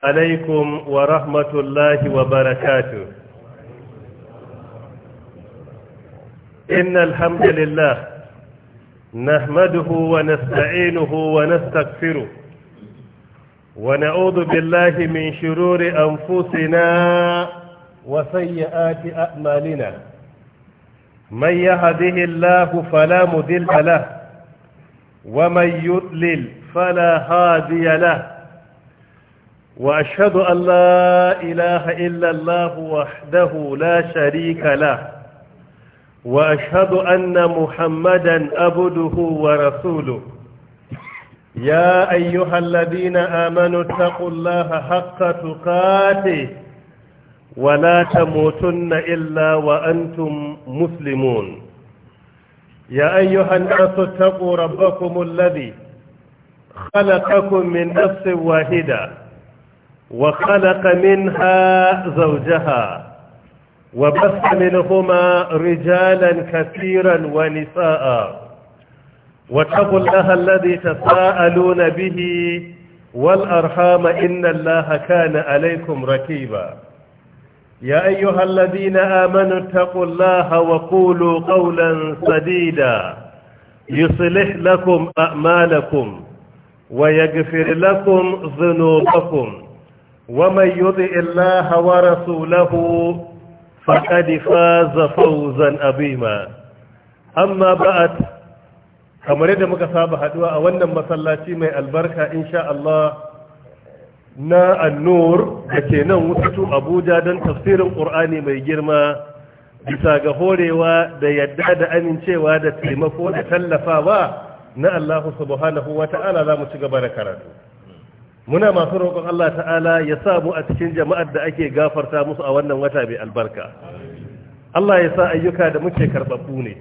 alaikum wa rahmatullahi wa barakatu innal hamdalillah nahmaduhu wa nasta'inuhu wa nastaghfiruh wa na'udhu billahi min shururi anfusina wa sayyiati a'malina man yahdihillahu fala mudilla lahu wa man yudlil fala hadiya lahu وأشهد أن لا إله إلا الله وحده لا شريك له وأشهد أن محمدا أبده ورسوله يا أيها الذين آمنوا اتقوا الله حق تقاته ولا تموتن إلا وأنتم مسلمون يا أيها الناس اتقوا ربكم الذي خلقكم من نفس واحده wa khalaqa minha zawjaha wa basa huma rijalan kathiran wani sa'a. wa taqul laha alladhi tasaaluna bihi wal arhama inna allaha kana alaykum raqiba ya ayyuhalladhina amanu taqullaha wa qulu qawlan sadida يصلح wa أعمالكم ويغفر لكم ذنوبكم ومن يطع الله ورسوله فقد فاز فوزا عظيما أما بعد kamar yadda muka saba haduwa a wannan masallaci mai albarka insha Allah na annur da kenan nan wutu Abuja don tafsirin Qur'ani mai girma bisa ga horewa da yadda da amincewa da taimako da tallafawa na Allah subhanahu wa ta'ala za mu ci gaba da karatu muna masu roƙon Allah ta'ala ya sa mu a cikin jama'ar da ake gafarta musu a wannan wata mai albarka Allah ya sa ayyuka da muke karɓaɓɓu ne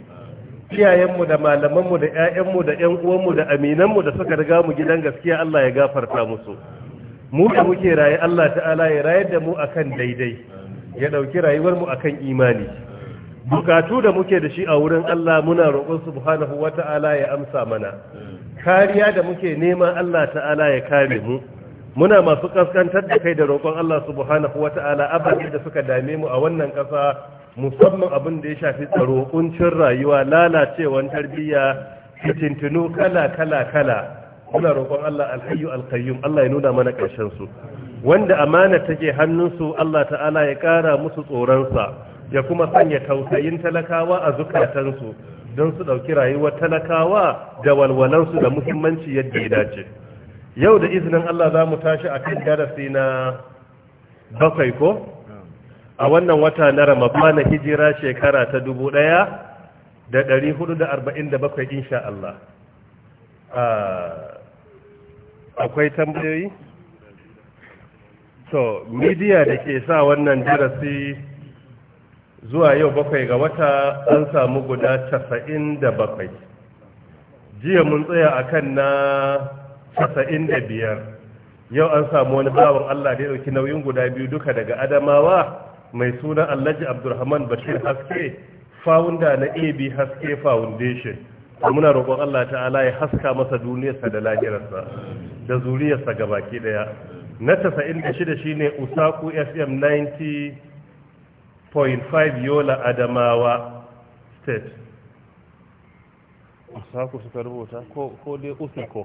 iyayenmu da malamanmu da 'ya'yanmu da 'yan uwanmu da aminanmu da suka riga mu gidan gaskiya Allah ya gafarta musu mu da muke raye Allah ta'ala ya rayar da mu akan daidai ya ɗauki rayuwar mu akan imani bukatu da muke da shi a wurin Allah muna roƙon subhanahu wata'ala ya amsa mana kariya da muke nema Allah ta'ala ya kare mu muna masu kaskantar da kai da roƙon Allah subhanahu wata'ala ababe da suka dame mu a wannan ƙasa musamman abin da ya shafi tsaro kuncin rayuwa lalacewan tarbiyya fitintinu kala kala kala muna roƙon Allah alhayyu alqayyum Allah ya nuna mana ƙarshen su wanda amana take hannun su Allah ta'ala ya ƙara musu tsoron sa ya kuma sanya tausayin talakawa a zukatansu don su ɗauki rayuwar talakawa da walwalansu da muhimmanci yadda ya dace. yau da izinin Allah za mu tashi a kan darasi na bakwai ko a wannan wata na na hijira shekara ta dubu ɗaya da ɗari hudu da arba'in da bakwai insha Allah akwai tambayoyi? to midiya da ke sa wannan darasi zuwa yau bakwai ga wata an samu guda casa'in da bakwai jiya mun tsaya akan na casa'in da biyar yau an samu wani bawan Allah da ya ɗauki nauyin guda biyu duka daga adamawa mai suna alhaji abdulrahman bashir haske fawunda na ab haske foundation muna roƙon Allah ta'ala ya haska masa duniyarsa da lahirarsa da zuriyarsa gabaki daya na 96 shine usaku fm 90.5 yola adamawa state usaku suka rubuta ko dai usako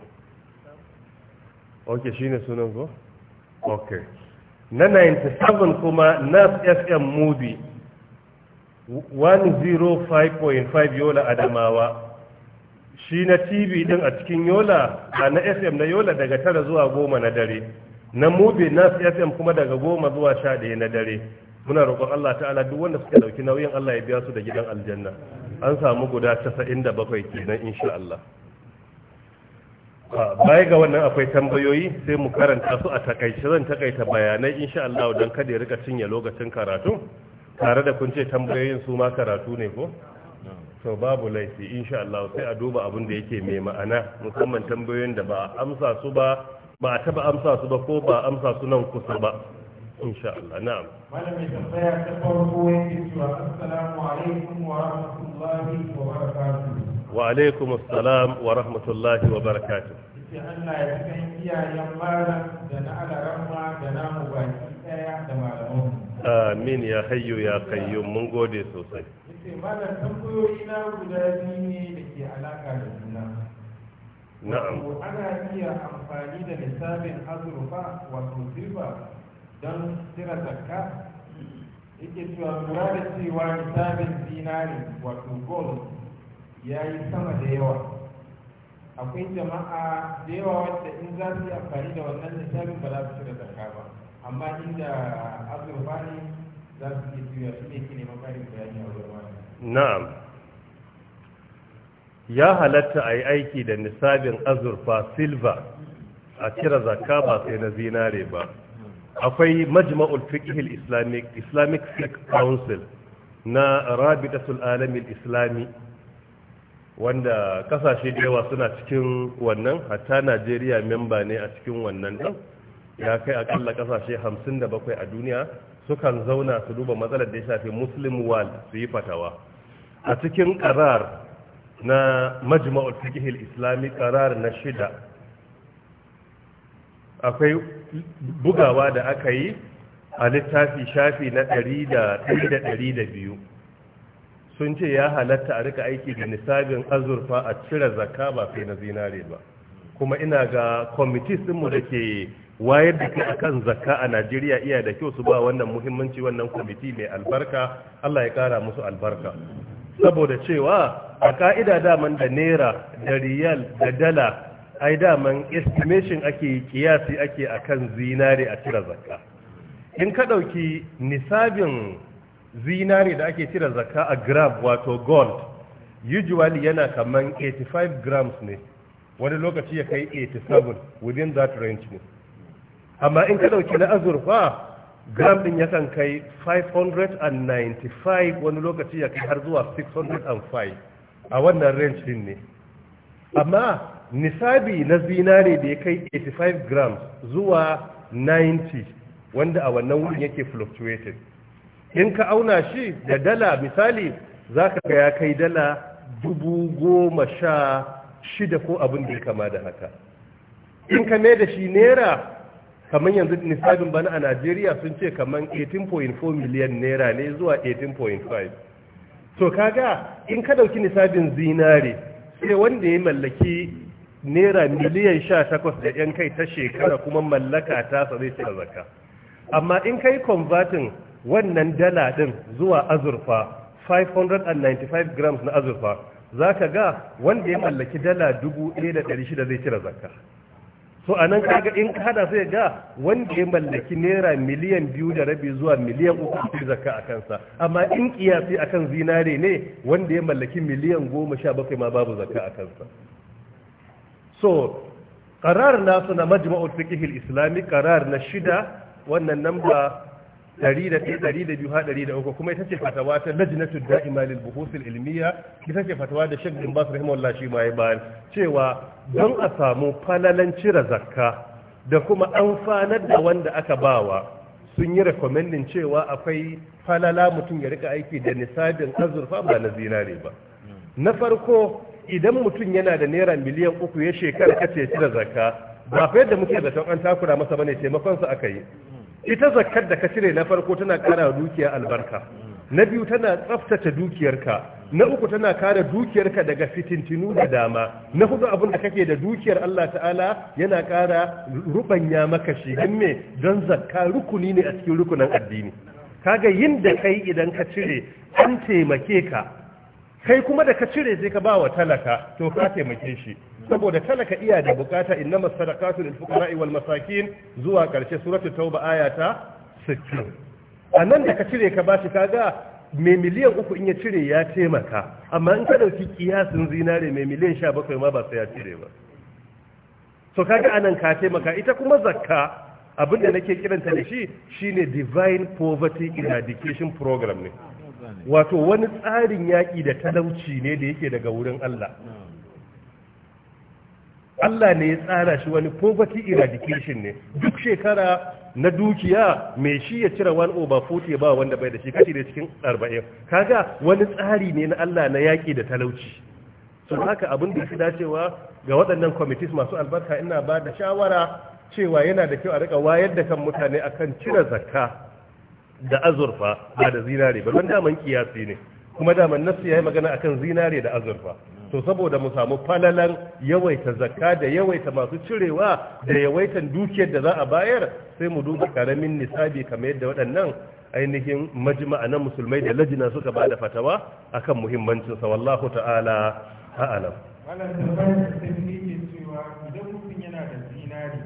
ok ne sunan ko ok na 97 kuma nas fm movie 105.5 yola adamawa shi na tv din a cikin yola a na fm na yola daga tara zuwa goma na dare na mubi nas fm kuma daga goma zuwa sha ɗaya na dare muna roƙon allah ta'ala duk wanda suka ɗauki nauyin allah ya biya su da gidan aljanna an samu guda 97 kenan insha allah baya ga wannan akwai tambayoyi sai mu karanta su a takaice zan takaita bayanai insha Allah don kada ya rika cinye lokacin karatu tare da kun ce tambayoyin su ma karatu ne ko to babu laifi insha Allah sai a duba abin da yake mai ma'ana musamman tambayoyin da ba a amsa su ba ba a taba amsa su ba ko ba a amsa su nan kusa ba insha Allah na'am malamin tambaya ta farko yake cewa assalamu alaikum wa rahmatullahi wa barakatuh wa alaikum wa rahmatullahi wa barakatuh sai Allah ya san iyayen malam da na alaramma da namu baki daya da malaman amin ya hayyu ya qayyum mun gode sosai sai malam guda biyu ne da ke da na'am ana iya amfani da lissafin azurfa wato silba don cire zakka yake cewa lura da cewa misalin zinari wato gold ya yi sama da yawa akwai jama'a da yawa wadda in za su yi amfani da wannan misalin ba za su cire zakka ba amma inda azurfa ne za su yi juya shi ne ke neman karin bayani a wurin wani na'am ya halatta a yi aiki da nisabin azurfa silva a cire zakka ba sai na zinare ba akwai majma'ul fiqh islamic islamic fiqh council na rabitatul alamin islami wanda kasashe da yawa suna cikin wannan hatta najeriya memba ne a cikin wannan din ya kai akalla kasashe 57 a duniya sukan zauna su duba matsalar da ya shafi muslim world su yi fatawa a cikin karar na majma'ul fiqh islami karar na shida akwai bugawa da aka yi a littafi shafi na ɗari da ɗari da biyu sun ce ya halatta a rika aiki da nisabin azurfa a cire zakka ba sai na zinare ba kuma ina ga kwamitis ɗinmu da ke wayar da a kan zakka a Najeriya iya da kyau su ba wannan muhimmanci wannan kwamiti mai albarka Allah ya kara musu albarka saboda cewa a ka'ida daman da naira da riyal da dala ai daman estimation ake yi kiyasi ake akan zinare a cire zakka in ka ɗauki nisabin zinare da ake cire zakka a gram wato gold usually yana kaman 85 grams ne wani lokaci ya kai 87 within that range ne amma in ka ɗauki na azurfa gram ɗin kan kai 595 wani lokaci ya kai har zuwa 605 a wannan range din ne amma nisabi na zinare da ya kai 85 grams zuwa 90 wanda a wannan wurin yake fluctuated in ka auna shi da dala misali za ka ya kai dala dubu goma sha shida ko abin da ya kama da haka in ka mai da shi naira kamar yanzu nisabin bana a najeriya sun ce kamar 18.4 miliyan naira ne zuwa 18.5 to kaga in ka dauki nisabin zinare sai wanda ya mallaki naira miliyan sha takwas da yan kai ta shekara kuma mallaka ta sa zai zaka amma in kai converting wannan dala din zuwa azurfa 595 grams na azurfa za ka ga wanda ya mallaki dala 1,600 zai cire zaka so a nan kaga in ka hada sai ga wanda ya mallaki naira miliyan biyu da rabi zuwa miliyan uku su zaka a kansa amma in kiyasi akan zinare ne wanda ya mallaki miliyan goma sha bakwai ma babu zaka a kansa so karar nasu na majma'ul fiqhil islami karar na shida wannan namba 101 kuma ita ce fatawa ta lajinatu da'ima lil buhusul ilmiya ita ce fatawa da Sheikh Bin Bas rahimahullah shi mai bayan cewa don a samu falalan cire zakka da kuma amfanar da wanda aka bawa sun yi recommendin cewa akwai falala mutum ya rika aiki da nisabin azurfa ba na zinare ba na farko idan mutum yana da naira miliyan uku ya shekara ka ceci da zakka ba fa yadda muke zaton an takura masa bane taimakon sa aka yi ita zakkar da ka cire na farko tana ƙara dukiya albarka na biyu tana tsaftace dukiyarka na uku tana kare dukiyarka daga fitintinu da dama na hudu abin da kake da dukiyar Allah ta'ala yana kara rubanya maka shi don me don zakka rukuni ne a cikin rukunan addini kaga yin da kai idan ka cire an taimake ka kai kuma da ka cire sai ka ba wa talaka to ka taimake shi saboda talaka iya da bukata inna masadaqatu lil fuqara'i wal masakin zuwa karshe suratul tauba ayata 60 anan da ka cire ka ba shi kaga mai miliyan uku in ya cire ya taimaka amma in ka dauki kiyasin zinare mai miliyan 17 ma ba sai ya cire ba to kaga anan ka taimaka ita kuma zakka abinda nake kiranta da shi shine divine poverty eradication program ne wato wani tsarin yaƙi da talauci ne da yake daga wurin Allah Allah ne ya tsara shi wani poverty eradication ne duk shekara na dukiya mai shi ya cire 1 over 40 ba wanda bai da shi kashi da cikin 40 kaga wani tsari ne na Allah na yaƙi da talauci sun haka abin da shi dacewa ga waɗannan committees masu albarka ina ba da shawara cewa yana da kyau a riƙa wayar da kan mutane akan cire zakka da azurfa ba da zinare ba don daman kiyasi ne kuma daman nasu ya yi magana akan zinare da azurfa to saboda mu samu falalan yawaita zakka da yawaita masu cirewa da yawaitan dukiyar da za a bayar sai mu duba karamin nisabi kamar yadda waɗannan ainihin majma'a na musulmai da lajina suka ba da fatawa akan muhimmancin sa wallahu ta'ala a'lam malam da sai ke cewa idan mutum yana da zinari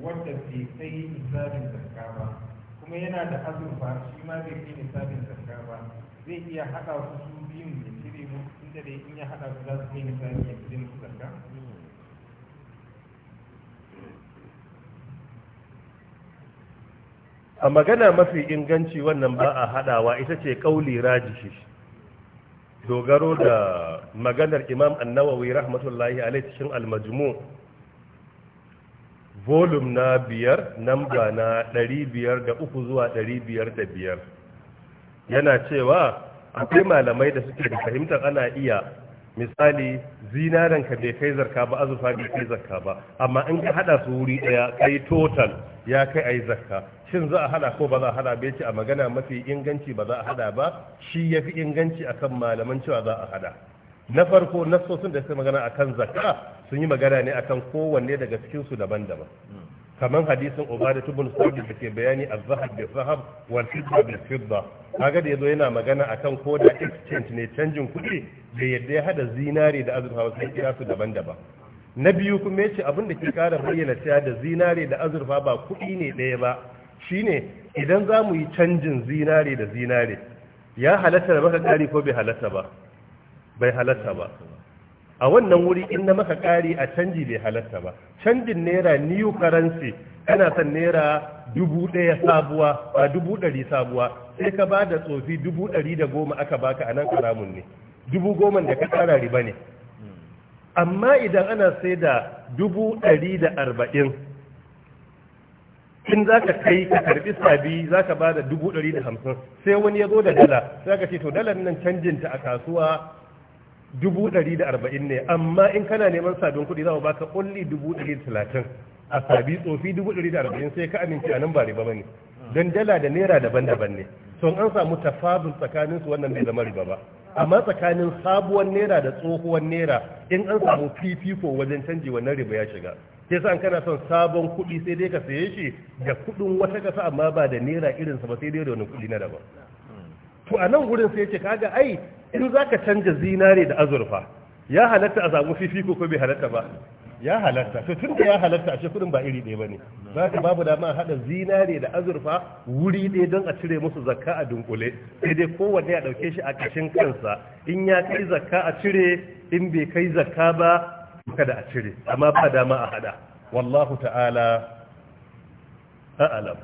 wadda zakka ba kuma yana da azurfa shi ma zai ne nisabin zakka ba zai iya haɗa su su biyun da cire mu inda dai in ya haɗa su za su ne nisabin ya cire musu zakka a magana mafi inganci wannan ba a haɗawa ita ce ƙauli rajishi dogaro da maganar imam annawawi rahmatullahi alaihi cikin almajmu' Volume na biyar namba na ɗari biyar da uku zuwa ɗari biyar da biyar yana cewa akwai malamai da suke da fahimtar ana iya misali zinaren ka bai kai zarka ba azufa bai kai zarka ba amma in ka hada su wuri ɗaya, kai total ya kai ayi zakka shin za a hada ko ba za a hada bai ce a magana mafi inganci ba za a hada ba shi ya fi inganci akan malaman cewa za a hada na farko nasosin da suka magana akan zakka sun yi magana ne akan kowanne daga cikin su daban-daban kamar hadisin ubada tubun sabi da ke bayani a zahab da zahab wal fidda bil fidda kaga da yazo yana magana akan ko da exchange ne canjin kuɗi da yadda ya hada zinare da azurfa wasu kira su daban-daban na biyu kuma yace abin da ke kara bayyana cewa da zinare da azurfa ba kuɗi ne ɗaya ba shine idan za mu yi canjin zinare da zinare ya halatta da baka kari ko bai halatta ba bai halatta ba a wannan wuri in na maka ƙari a canji bai halatta ba canjin naira new currency kana son naira dubu ɗaya sabuwa ba dubu ɗari sabuwa sai ka ba da tsofi dubu ɗari da goma aka baka a nan karamun ne dubu goma da ka tsara riba ne amma idan ana sai da dubu ɗari da arba'in in za ka kai ka karɓi sabi za ka ba da dubu ɗari da hamsin sai wani ya zo da dala za ka ce to dalar nan canjinta a kasuwa dubu ɗari da arba'in ne amma in kana neman sabin kuɗi za mu baka ƙulli dubu ɗari da talatin a sabi tsofi dubu ɗari da arba'in sai ka amince a nan ba riba ba ne don dala da naira daban-daban ne to an samu tafadun tsakanin su wannan bai zama riba ba amma tsakanin sabuwar naira da tsohuwar naira in an samu fifiko wajen canji wannan riba ya shiga sai sa kana son sabon kuɗi sai dai ka saye shi da kuɗin wata kasa amma ba da naira irinsa ba sai dai da wani kuɗi na daban to a nan gurin sai ce kaga ai in za ka canja zinare da azurfa ya halatta a samu fifiko ko bai halatta ba ya halatta to tun da ya halatta ashe kudin ba iri ɗaya bane za ka babu dama a haɗa zinare da azurfa wuri ɗaya don a cire musu zakka a dunkule sai dai kowanne ya ɗauke shi a ƙashin kansa in ya kai zakka a cire in bai kai zakka ba kada a cire amma ba dama a haɗa wallahu ta'ala a'alam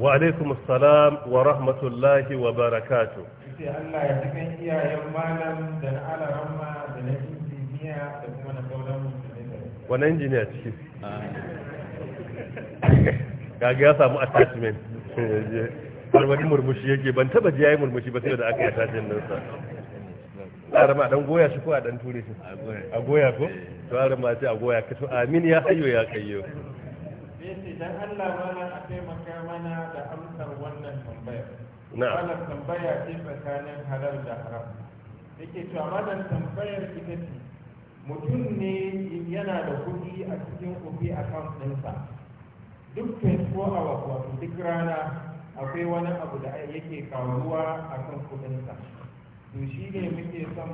wa alaikum assalam wa rahmatullahi wa barakatu sai Allah ya cikin iyayen malam da na alaramma da na injiniya da kuma na sauran wani injiniya ciki gaga ya samu attachment harwani murmushi yake ban taba ji yayi murmushi ba sai da aka yi attachment ɗinsa a rama dan goya shi ko a dan ture shi a goya ko eh. to a rama ce a goya ka to amin ya hayo ya kayyo bisi dan Allah mana a taimaka mana da amsar wannan tambayar na'am wannan tambaya ce tsakanin halal da haram yake cewa madan tambayar ita ce mutum ne yana da kuɗi a cikin kuɗi kan ɗinsa duk 24 hours wasu duk rana akwai wani abu da yake a kan kuɗinsa to shi ne muke son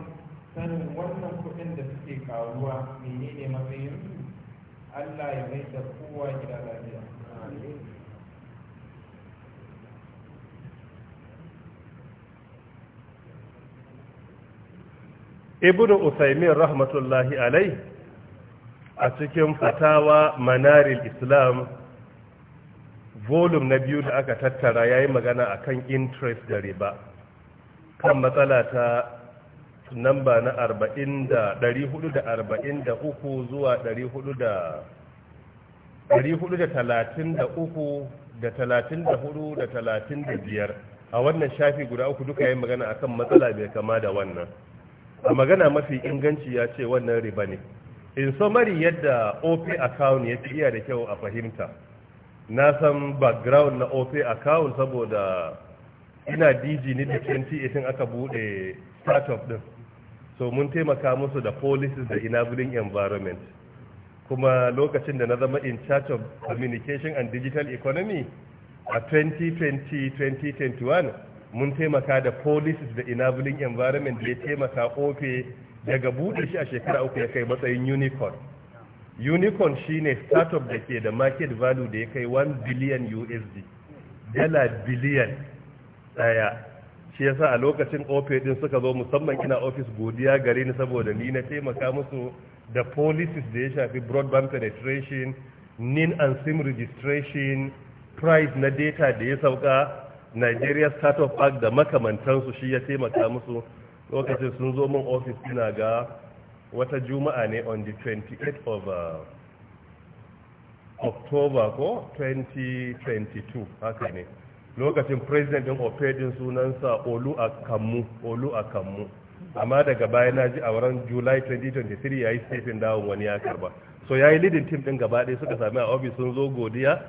sanin wannan kuɗin da suke karuwa ne menene matsayinsu allah ya mai da kowa gida lafiya ibn usaimin rahmatullahi alai a cikin fatawa manaril islam volum na biyu da aka tattara ya yi magana akan interest da riba kan matsala ta namba na 443 zuwa 433 da 34 da biyar. a wannan shafi guda uku duka yin magana akan matsala bai kama da wannan a magana mafi inganci ya ce wannan riba ne in mari yadda op account ya iya da kyau a fahimta na san background na op account saboda ina dg ne da 2018 aka bude startup din so mun taimaka musu da policies da enabling environment kuma lokacin da na zama in charge of communication and digital economy a 2020-2021 mun taimaka da policies da enabling environment da ya taimaka ofe daga bude shi a shekara uku ya kai matsayin unicorn unicorn shine startup da ke da market value da ya kai 1 billion usd dala biliyan Ɗaya shi yasa a lokacin ofis suka zo musamman ina ofis godiya gare ni saboda ni na taimaka musu da policies da ya shafi broadband penetration nin and sim registration price na data da ya sauka nigeria startup act da makamantansu shi ya taimaka musu lokacin sun zo min ofis ina ga wata juma'a ne on the 28th of uh, october ko 2022 haka ne lokacin president din opedin sunansa olu a kammu olu a kammu amma daga baya na ji a wurin july 2023 ya yi stephen dawon wani ya karba so ya yi leading team din gaba ɗaya suka sami a ofis sun zo godiya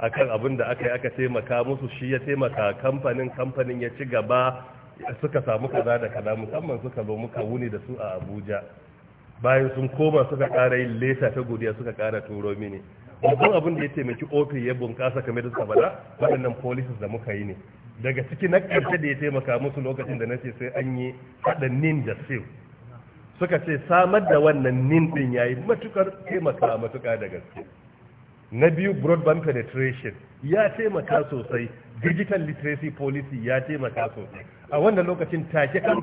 akan abin da aka yi aka taimaka musu shi ya taimaka kamfanin kamfanin ya ci gaba suka samu kaza da kaza musamman suka zo muka wuni da su a abuja bayan sun koma suka kara yin leta ta godiya suka kara turo mini babban abin da ya taimaki ofi ya bunkasa kamar da suka waɗannan polisis da muka yi ne daga ciki na ƙarshe da ya taimaka musu lokacin da na ce sai an yi haɗa nin da siu suka ce samar da wannan nin ɗin ya yi matuƙar taimaka matuƙa da gaske na biyu broadband penetration ya taimaka sosai digital literacy policy ya taimaka sosai a wannan lokacin take kan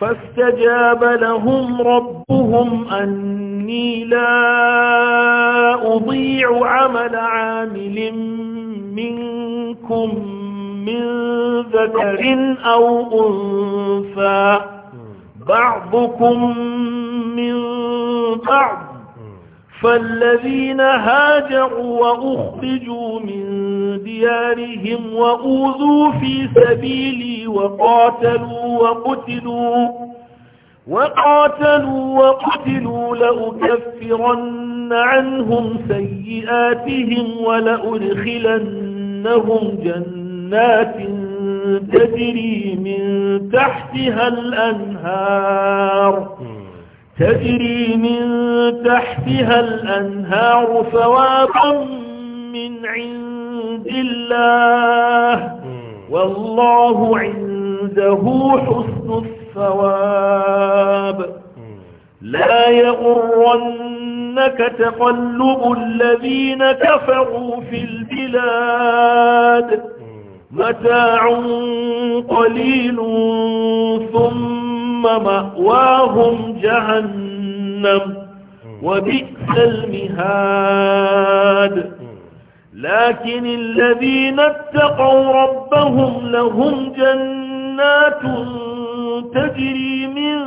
فاستجاب لهم ربهم أني لا أضيع عمل عامل منكم من ذكر أو أنثى بعضكم من بعض فالذين هاجروا وأخرجوا من ديارهم وأوذوا في سبيلي وقاتلوا وقتلوا وقاتلوا وقتلوا لأكفرن عنهم سيئاتهم ولأدخلنهم جنات تجري من تحتها الأنهار تجري من تحتها الأنهار ثوابا من عند الله والله عنده حسن الثواب لا يغرنك تقلب الذين كفروا في البلاد متاع قليل ثم مأواهم جهنم وبئس المهاد لكن الذين اتقوا ربهم لهم جنات تجري من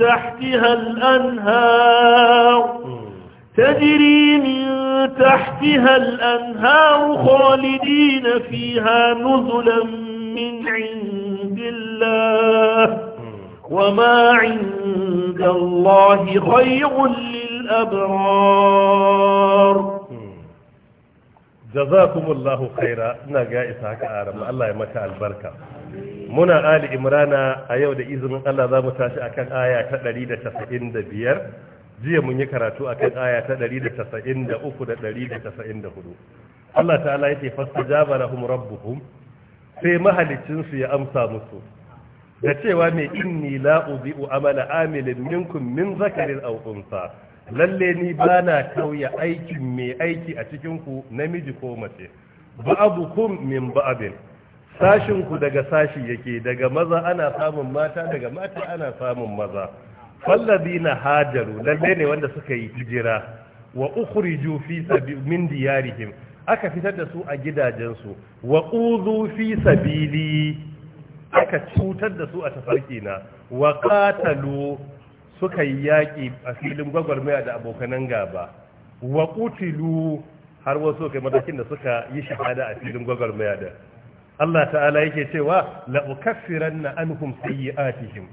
تحتها الأنهار تجري من تحتها الأنهار خالدين فيها نزلا من عند الله وما عند الله خير للأبرار جزاكم الله خيرا نجا إسحاق آرم الله يمكى البركة منا آل إمرانا أيود إذن الله ذا متاشا كان آية تدريد تسعين دبير jiya mun yi karatu akan aya ta 193 da 194 Allah ta'ala yake fastajaba lahum rabbuhum sai mahalicinsu ya amsa musu da cewa mai inni la u amala amilin minkum min zakarin aukunsa, lalle ni na kauya aikin mai aiki a cikinku namiji ko mace ba'abukum min ba'abin sashin ku daga sashi yake daga maza ana samun mata daga mata ana samun maza Fallabi na hajaru lalle ne wanda suka yi hijira wa ukhriju fi min diyarihim aka fitar da su a gidajensu wa uzu fi sabili aka cutar da su a tafarki na wa katalu suka yi yaƙi a filin gwagwarmaya da abokanan gaba wa kutilu har wasu kai matakin da suka yi shahada a filin gwagwarmaya da Allah ta'ala yake cewa la ukaffiranna anhum sayyi'atihim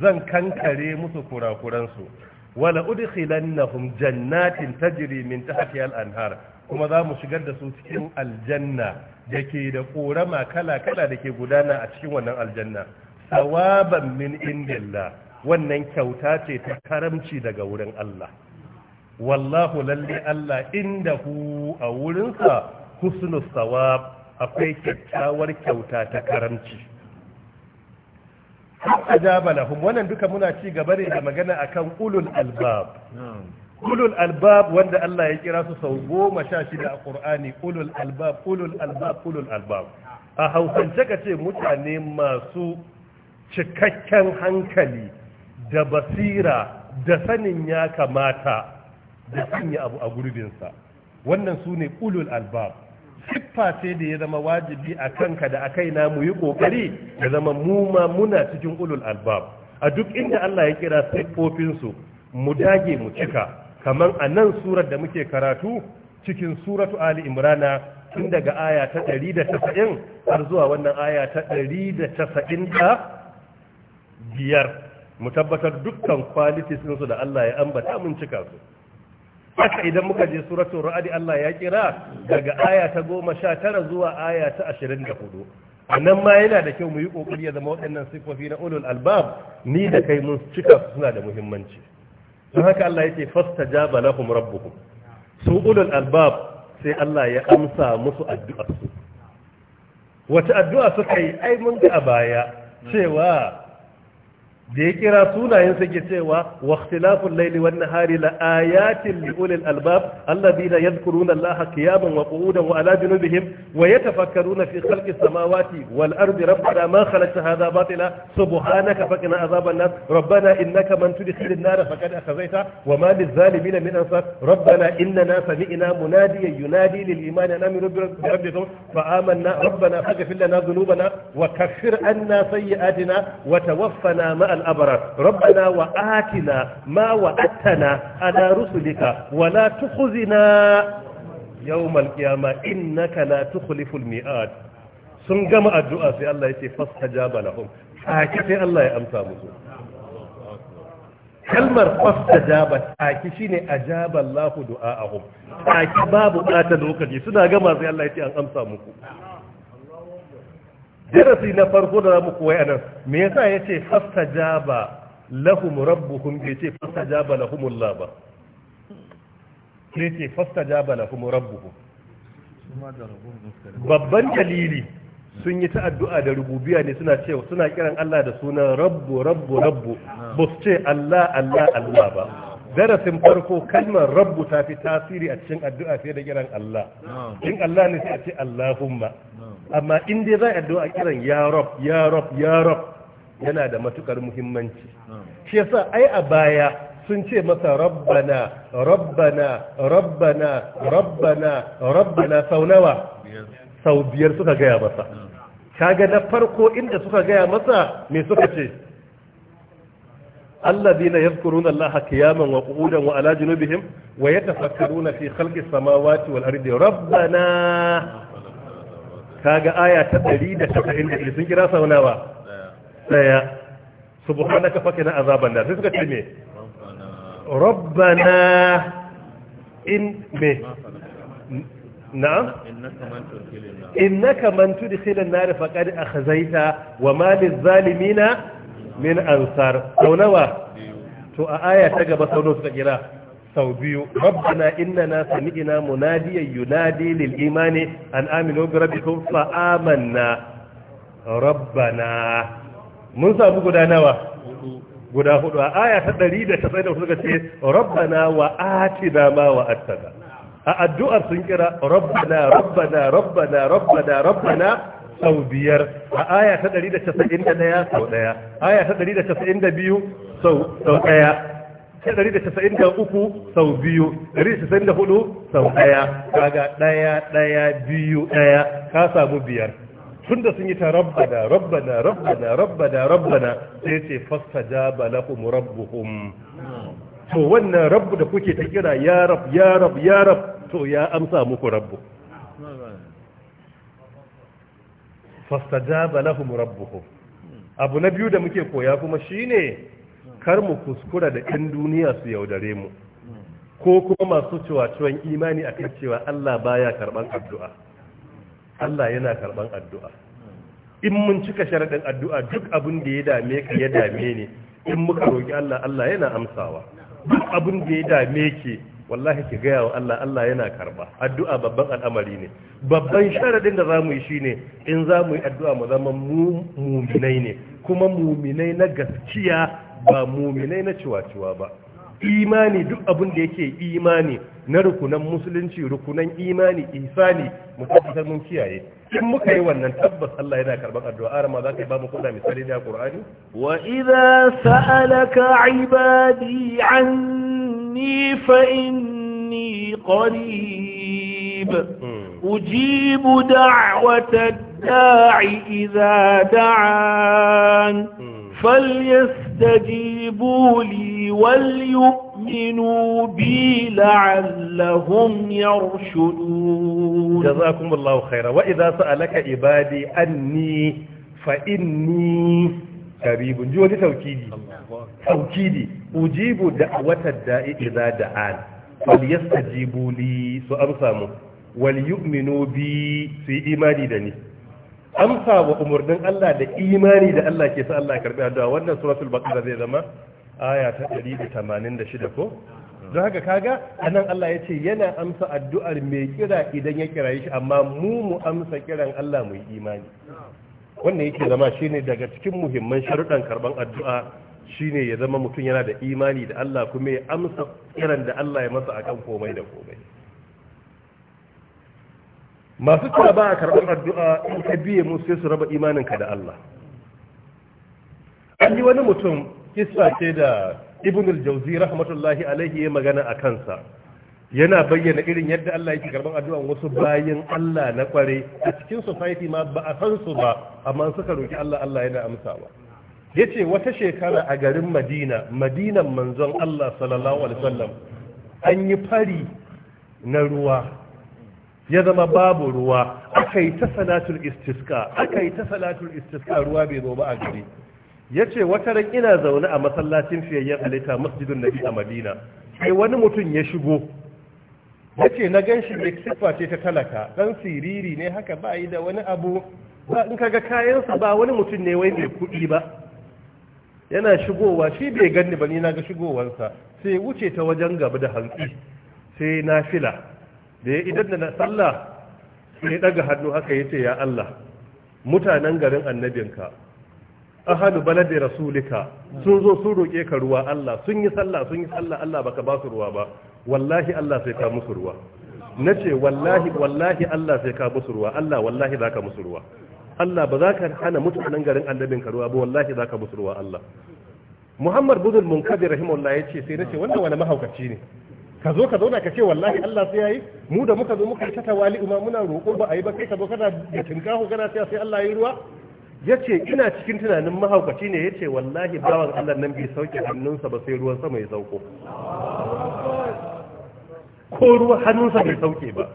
zan kankare musu kurakuransu wala udkhilannahum jannatin tajri min tahtiha al-anhar kuma za mu shigar da su cikin aljanna da ke da korama kala-kala da ke gudana a cikin wannan aljanna sawaban min Indilla, wannan kyauta ce ta karamci daga wurin Allah wallahu lalle Allah inda hu, a wurinsa husnu sawab akwai kyakkyawar kyauta ta karamci ajaba lahum wannan duka muna ci gaba ne da magana akan ulul albab ulul albab wanda Allah ya kira su sau goma sha shida a ƙur'ani ulul albab ulul albab ulul albab a hausance ka ce mutane masu cikakken hankali da basira da sanin ya kamata da sanya abu a gurbinsa wannan su ne ulul albab siffa ce da ya zama wajibi a kanka da a kaina mu yi ƙoƙari ya zama mu ma muna cikin ulul albab a duk inda Allah ya kira siffofinsu mu dage mu cika kamar a nan surar da muke karatu cikin suratu ali imrana tun daga aya ta 190 har zuwa wannan aya ta 190 biyar mu tabbatar dukkan qualities ɗinsu da Allah ya ambata mun cika su haka idan muka je suratu ra'adi Allah ya kira daga aya ta goma sha tara zuwa aya ta ashirin da hudu nan ma yana da kyau mu yi ƙoƙari ya zama waɗannan siffofi na ulul albab ni da kai mun cika suna da muhimmanci don haka Allah yake fastajaba lahum rabbuhum su ulul albab sai Allah ya amsa musu addu'arsu wata addu'a suka yi ai mun ga a baya cewa da ya kira sunayen sa ke cewa wa ikhtilaful wan nahari la ayatin li ulil albab alladhina yadhkuruna allaha qiyaman wa qu'udan wa ala junubihim wa yatafakkaruna fi khalqis samawati wal ardi rabbana ma khalaqta hadha batila subhanaka faqina adhaban nar rabbana innaka man tudkhilin nar faqad akhzaita wa ma lil zalimin min ansar rabbana innana sami'na munadiyan yunadi lil iman an amiru bi rabbikum fa amanna rabbana faghfir lana dhunubana wa kaffir anna sayyi'atina wa tawaffana ma'a الأبرار ربنا وآتنا ما وعدتنا على رسلك ولا تخزنا يوم القيامة إنك لا تخلف الميعاد sun gama addu'a sai Allah ya ce fastajaba lahum take sai Allah ya amsa musu kalmar fastajaba take shine ajaba Allahu du'a'ahum take babu bata lokaci suna gama sai Allah ya ce an amsa muku darasi na farko da zamu koyi anan me yasa yace fastajaba lahum rabbuhum bai ce fastajaba Allah ba sai ce fastajaba lahum rabbuhum babban dalili sun yi ta addu'a da rububiya ne suna cewa suna kiran Allah da sunan rabbu rabbu rabbu ba su ce Allah Allah Allah ba darasin farko kalmar rabbu ta fi tasiri a cikin addu'a fiye da kiran Allah in Allah ne sai a ce Allahumma amma in dai za a addu'a kiran ya rob ya rob ya yana da matukar muhimmanci shi yasa ai a baya sun ce masa rabbana rabbana rabbana rabbana rabbana sau nawa sau biyar suka gaya masa kaga na farko inda suka gaya masa me suka ce Wa qu'udan wa ala junubihim wa yatafakkaruna fi في samawati wal ardi rabbana kaga aya ta 171 sun kira sau nawa daya subhanaka fakina azaban nar sai suka ce me rabbana in me na'am innaka man tudkhilun nar faqad akhzaita wa ma zalimina min ansar sau nawa to a aya ta gaba sau nawa suka kira sau biyu rabbana innana sami'na munadiyan yunadi lil imani an aminu bi rabbikum fa amanna rabbana mun samu guda nawa guda hudu a aya ta 194 suka ce rabbana wa atina ma wa attana a addu'ar sun kira rabbana rabbana rabbana rabbana rabbana sau biyar a aya ta 191 sau daya aya ta 192 sau daya sai 193 sau biyu 194 sau daya kaga daya daya biyu daya ka samu biyar tun da sun yi ta rabbana rabbana rabbana rabbana rabbana sai ce fasta na lahum rabbuhum to wannan rabbu da kuke ta kira ya rab ya rab ya rab to ya amsa muku rabbu Fasta na lahum rabbuhum abu na biyu da muke koya kuma shine kar mu kuskura da 'yan duniya su yaudare mu ko kuma masu cewa-cewan imani akan cewa Allah baya karban addu'a Allah yana karban addu'a in mun cika sharaɗin addu'a duk abin da ya dame ka ya dame ne in muka roƙi Allah Allah yana amsawa duk abin da ya dame ke wallahi ki gaya wa Allah Allah yana karba addu'a babban al'amari ne babban sharaɗin da zamu yi shine in zamu yi addu'a mu zama mu muminai ne kuma muminai na gaskiya ba muminai na ciwa-ciwa ba imani duk abin da yake imani na rukunan musulunci rukunan imani isani mu mun kiyaye in muka yi wannan tabbas Allah yana karban addu'a ara ka zaka ba mu kuma misali da Qur'ani wa idza sa'alaka ibadi anni fa inni qarib hmm. ujibu da'wata da'i idza da'an hmm. فليستجيبوا لي وليؤمنوا بي لعلهم يرشدون جزاكم الله خيرا وإذا سألك عبادي أني فإني قريب جوة توكيدي توكيدي أجيب دعوة الداء إذا دعان فليستجيبوا لي سؤال سامو وليؤمنوا بي في إيماني دني amsa wa umarnin Allah da imani da Allah ke sa Allah karbi addu'a wannan suratul baqara zai zama aya ta 186 ko don haka kaga anan Allah ya ce yana amsa addu'ar mai kira idan ya kira shi amma mu mu amsa kiran Allah mu imani wannan yake zama shine daga cikin muhimman sharuɗan karban addu'a shine ya zama mutum yana da imani da Allah kuma ya amsa kiran da Allah ya masa akan komai da komai masu cewa ba a karɓar addu'a in ka biye mu sai su raba imaninka da Allah an yi wani mutum kisa ce da ibn al-jauzi rahmatullahi alaihi ya magana a kansa yana bayyana irin yadda Allah yake karɓar addu'an wasu bayan Allah na kware a cikin society ma ba a san su ba amma suka roƙi Allah Allah yana amsawa ce wata shekara a garin Madina Madinan manzon Allah sallallahu alaihi wasallam an yi fari na ruwa ya zama babu ruwa aka yi ta salatul istiska aka yi ta salatul istiska ruwa bai zo ba a gari ya ce wata ran ina zaune a masallacin fiyayyen halitta masjidun nabi a madina sai wani mutum ya shigo ya ce na gan shi mai siffa ce ta talaka ɗan siriri ne haka ba yi da wani abu ba in kaga kayansa ba wani mutum ne wai mai kuɗi ba yana shigowa shi bai ganni ba ni na ga shigowarsa sai wuce ta wajen gaba da hantsi sai na fila da ya idan na sallah sai daga hannu haka ce ya Allah mutanen garin annabinka ahalu da rasulika sun zo sun roƙe ka ruwa Allah sun yi sallah sun yi sallah Allah baka ba su ruwa ba wallahi Allah sai ka musu ruwa ce wallahi wallahi Allah sai ka musu ruwa Allah wallahi za ka musu ruwa Allah ba za ka hana mutanen garin annabin ka ruwa ba wallahi za ka musu ruwa Allah Muhammad Buzul al-Munkadir rahimahullah ce sai na ce wannan wani mahaukaci ne ka zo ka zauna ka ce wallahi Allah sai yayi mu da muka zo muka ta wali ma muna roƙo ba a ba kai ka zo kana da tinkaho kana cewa sai Allah yayi ruwa yace ina cikin tunanin mahaukaci ne yace wallahi bawan Allah nan bai sauke hannunsa ba sai ruwan sama ya sauko ko ruwa hannunsa bai sauke ba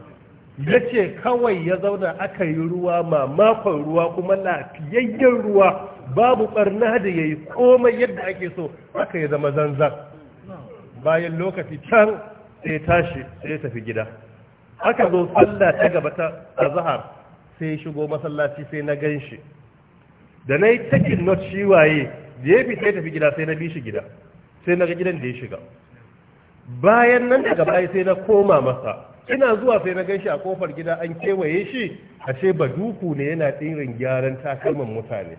yace kawai ya zauna aka yi ruwa ma makon ruwa kuma lafiyayyen ruwa babu barna da yayi komai yadda ake so aka ya zama zanzan bayan lokaci can sai tashi sai tafi gida aka zo sallah ta gaba ta azhar sai shigo masallaci sai na ganshi da na yi takin not shi waye da ya fita ya tafi gida sai na bi shi gida sai na ga gidan da ya shiga bayan nan daga baya sai na koma masa ina zuwa sai na ganshi a kofar gida an kewaye shi a ce ba duku ne yana tsirin gyaran takalman mutane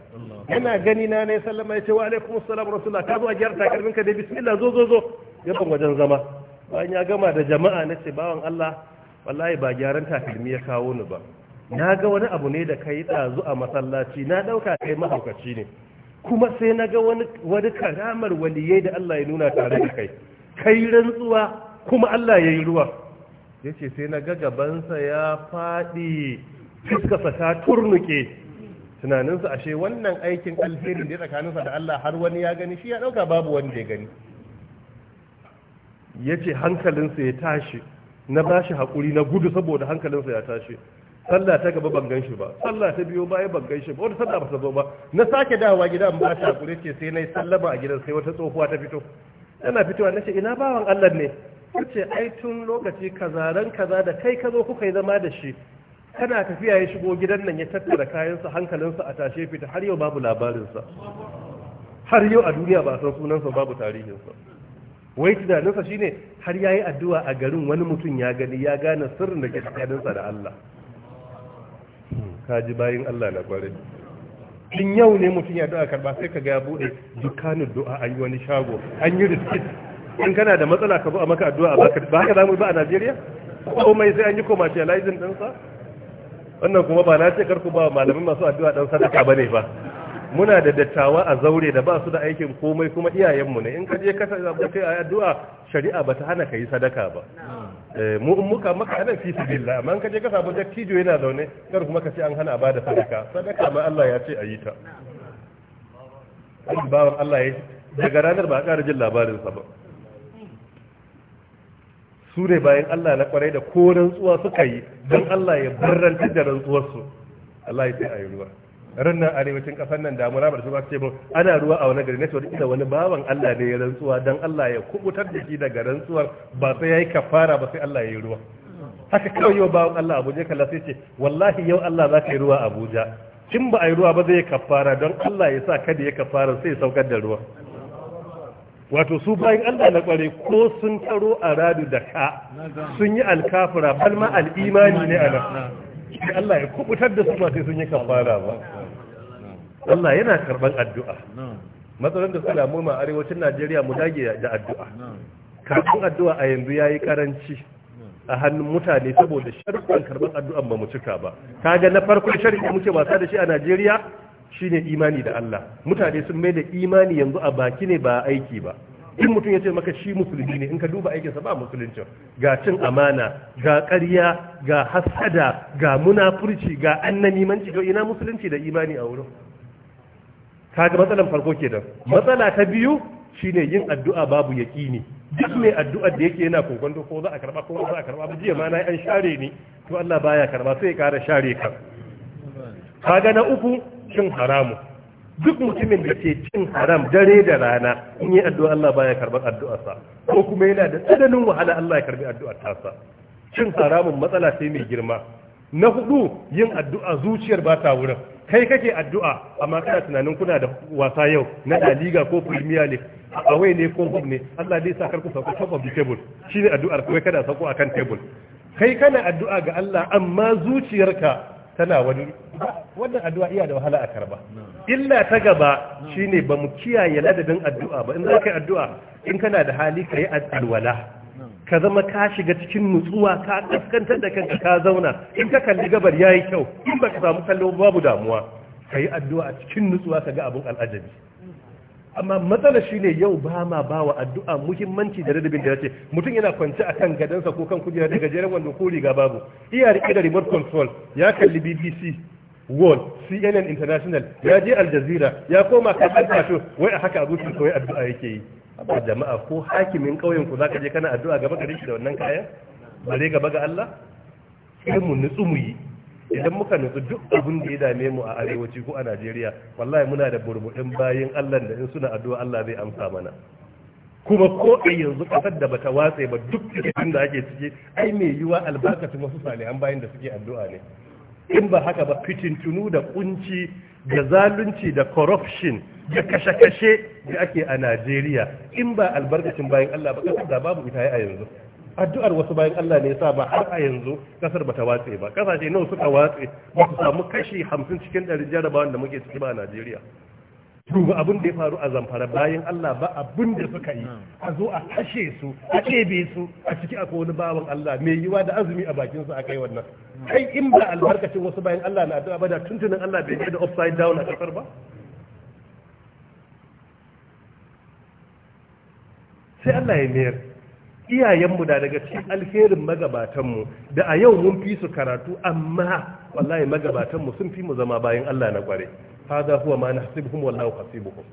yana gani na ne sallama ya ce wa alaikum assalam rasulullah ka zo a gyara takalminka, da bismillah zo zo zo ban wajen zama bayan ya gama da jama'a na ce bawan Allah wallahi ba gyaran takalmi ya kawo ni ba na ga wani abu ne da kai yi ɗazu a masallaci na ɗauka kai mahaukaci ne kuma sai na ga wani karamar waliyai da Allah ya nuna tare da kai kai rantsuwa kuma Allah ya yi ruwa yace sai na ga gabansa ya faɗi fuskarsa ta turnuke tunaninsa ashe wannan aikin alheri da tsakaninsa da Allah har wani ya gani shi ya ɗauka babu wanda ya gani ya ce hankalinsa ya tashi na ba shi haƙuri na gudu saboda hankalinsa ya tashi sallah ta gaba ban gan shi ba sallah ta biyo baya ban gan shi ba wata sallah ba ta ba na sake dawowa gida ba shi haƙuri ce sai na yi sallama a gidan sai wata tsohuwa ta fito yana fitowa na ce ina bawan Allah ne ta ce ai tun lokaci kaza ran kaza da kai ka zo kuka yi zama da shi kana tafiya ya shigo gidan nan ya tattara kayansa hankalinsa a tashe fita har yau babu labarinsa har yau a duniya ba san sunansa babu tarihinsa wai tunaninsa shine har ya yi addu'a a garin wani mutum ya gani ya gane sirrin da ke tsakaninsa da Allah hmm, kaji bayin Allah na kwarai in yau ne mutum ya addu'a karba sai ka ga ya bude dukkanin du'a a yi wani shago an yi riskit in kana da matsala ka zo a maka addu'a ba ka ba haka zamu ba a Najeriya mai sai an yi commercializing din sa wannan kuma ba na ce karku ba malamin masu addu'a ɗan sadaka ne ba muna da dattawa a zaure da ba su da aikin komai kuma iyayenmu ne in ka je kasa da kai a addu'a shari'a ba ta hana ka yi sadaka ba eh, mu in muka maka ana fi sabilillah amma in ka je kasa ba dattijo yana zaune kar kuma ka ce an hana ba da sadaka sadaka ma Allah ya ce a yi ta bawan Allah ya daga ranar ba a ƙara jin labarinsa ba su ne bayan Allah na kwarai da ko rantsuwa suka yi don Allah ya barrantar da rantsuwarsu Allah ya ce a yi ruwa rannan arewacin kasar nan damuna ba su ba ce mun ana ruwa a wani gari na cewa wani bawan Allah ne ya rantsuwa dan Allah ya kubutar da shi daga rantsuwar ba sai yayi kafara ba sai Allah ya yi ruwa haka kawai yau bawan Allah Abuja kalla sai ce wallahi yau Allah za ka yi ruwa Abuja kin ba a yi ruwa ba zai kafara don Allah ya sa kada ya kafara sai saukar da ruwa wato su bayan Allah na kware ko sun taro a radu da ka sun yi alkafura balma al'imani ne a nan Allah ya kubutar da su ba sai sun yi kafara ba Allah yana karban addu'a matsalar da suka mu ma arewacin Najeriya mu dage da addu'a karban addu'a a yanzu ya yi karanci a hannun mutane saboda sharuɗan karban addu'an ba mu cika ba Ta kaga na farko sharuɗi muke wasa da shi a Najeriya shine imani da Allah mutane sun mai da imani yanzu a baki ne ba aiki ba in mutum ya ce maka shi musulmi ne in ka duba aikinsa ba musulunci ga cin amana ga ƙarya ga hasada ga munafurci ga manci ga ina musulunci da imani a wurin kaga matsalan farko ke kenan matsala ta biyu shine yin addu'a babu yaqini duk mai addu'ar da yake yana kokon ko za a karba ko za a karba ba jiya ma na an share ni to Allah baya karba sai ya kara share ka kaga na uku cin haramu duk mutumin da ke cin haram dare da rana in yi addu'a Allah baya karɓar addu'arsa ko kuma yana da tsananin wahala Allah ya karbi addu'ar tasa cin haramun matsala sai mai girma na hudu yin addu'a zuciyar ba ta wurin kai kake addu'a amma kana tunanin kuna da wasa yau na da liga ko premier league a ne ko hob ne Allah zai sa karku sauka top of the table shine addu'ar kai kada sauko akan table kai kana addu'a ga Allah amma zuciyarka tana wani wannan addu'a iya da wahala a karba illa ta gaba shine bamu kiyaye ladadin addu'a ba in za ka addu'a in kana da hali ka yi alwala ka zama ka shiga cikin nutsuwa ka kaskantar da kanka ka zauna in ka kalli gabar ya yi kyau in ka samu kallon babu damuwa ka yi addu'a a cikin nutsuwa ka ga abun al'ajabi amma matsala shi ne yau ba ma ba wa addu'a muhimmanci da radabin da ya ce mutum yana kwance a kan gadansa ko kan kujera da gajeren wanda ko riga babu iya riƙe da remote control ya kalli bbc world cnn international ya je al ya koma kan wai a haka a sun kawai addu'a yake yi ba jama'a ko hakimin ƙauyen ku zaka je kana addu'a gaba gare shi da wannan kayan bare gaba ga Allah sai mu nutsu mu yi idan muka nutsu duk abin da ya dame mu a arewaci ko a Najeriya wallahi muna da burbudin bayin Allah da in suna addu'a Allah zai amsa mana kuma ko a yanzu kasar da bata watse ba duk cikin da ake ciki ai mai yiwa albarkacin wasu salihan bayan da suke addu'a ne in ba haka ba fitintunu da kunci da zalunci da corruption da kashe-kashe da ake a Najeriya in ba albarkacin bayan Allah ba kasar da babu ita a yanzu addu'ar wasu bayan Allah ne sa ba har a yanzu kasar ta watse ba kasashe nawa suka watse ba su samu kashi hamsin cikin 100 jarabawan da muke ciki ba a Najeriya duba abin da ya faru a zamfara bayan Allah ba abin da suka yi a zo a kashe su a ɗebe su a ciki a wani bawan Allah mai yiwa da azumi a bakin su a kai wannan kai in ba albarkacin wasu bayan Allah na addu'a ba da tuntunin Allah bai yi da upside down a kasar ba sai Allah ya mayar iyayenmu da daga cikin alherin magabatanmu da a yau mun fi su karatu amma wallahi magabatanmu sun fi mu zama bayan Allah na kware hada huwa ma nahsibuhum wallahu hasibuhum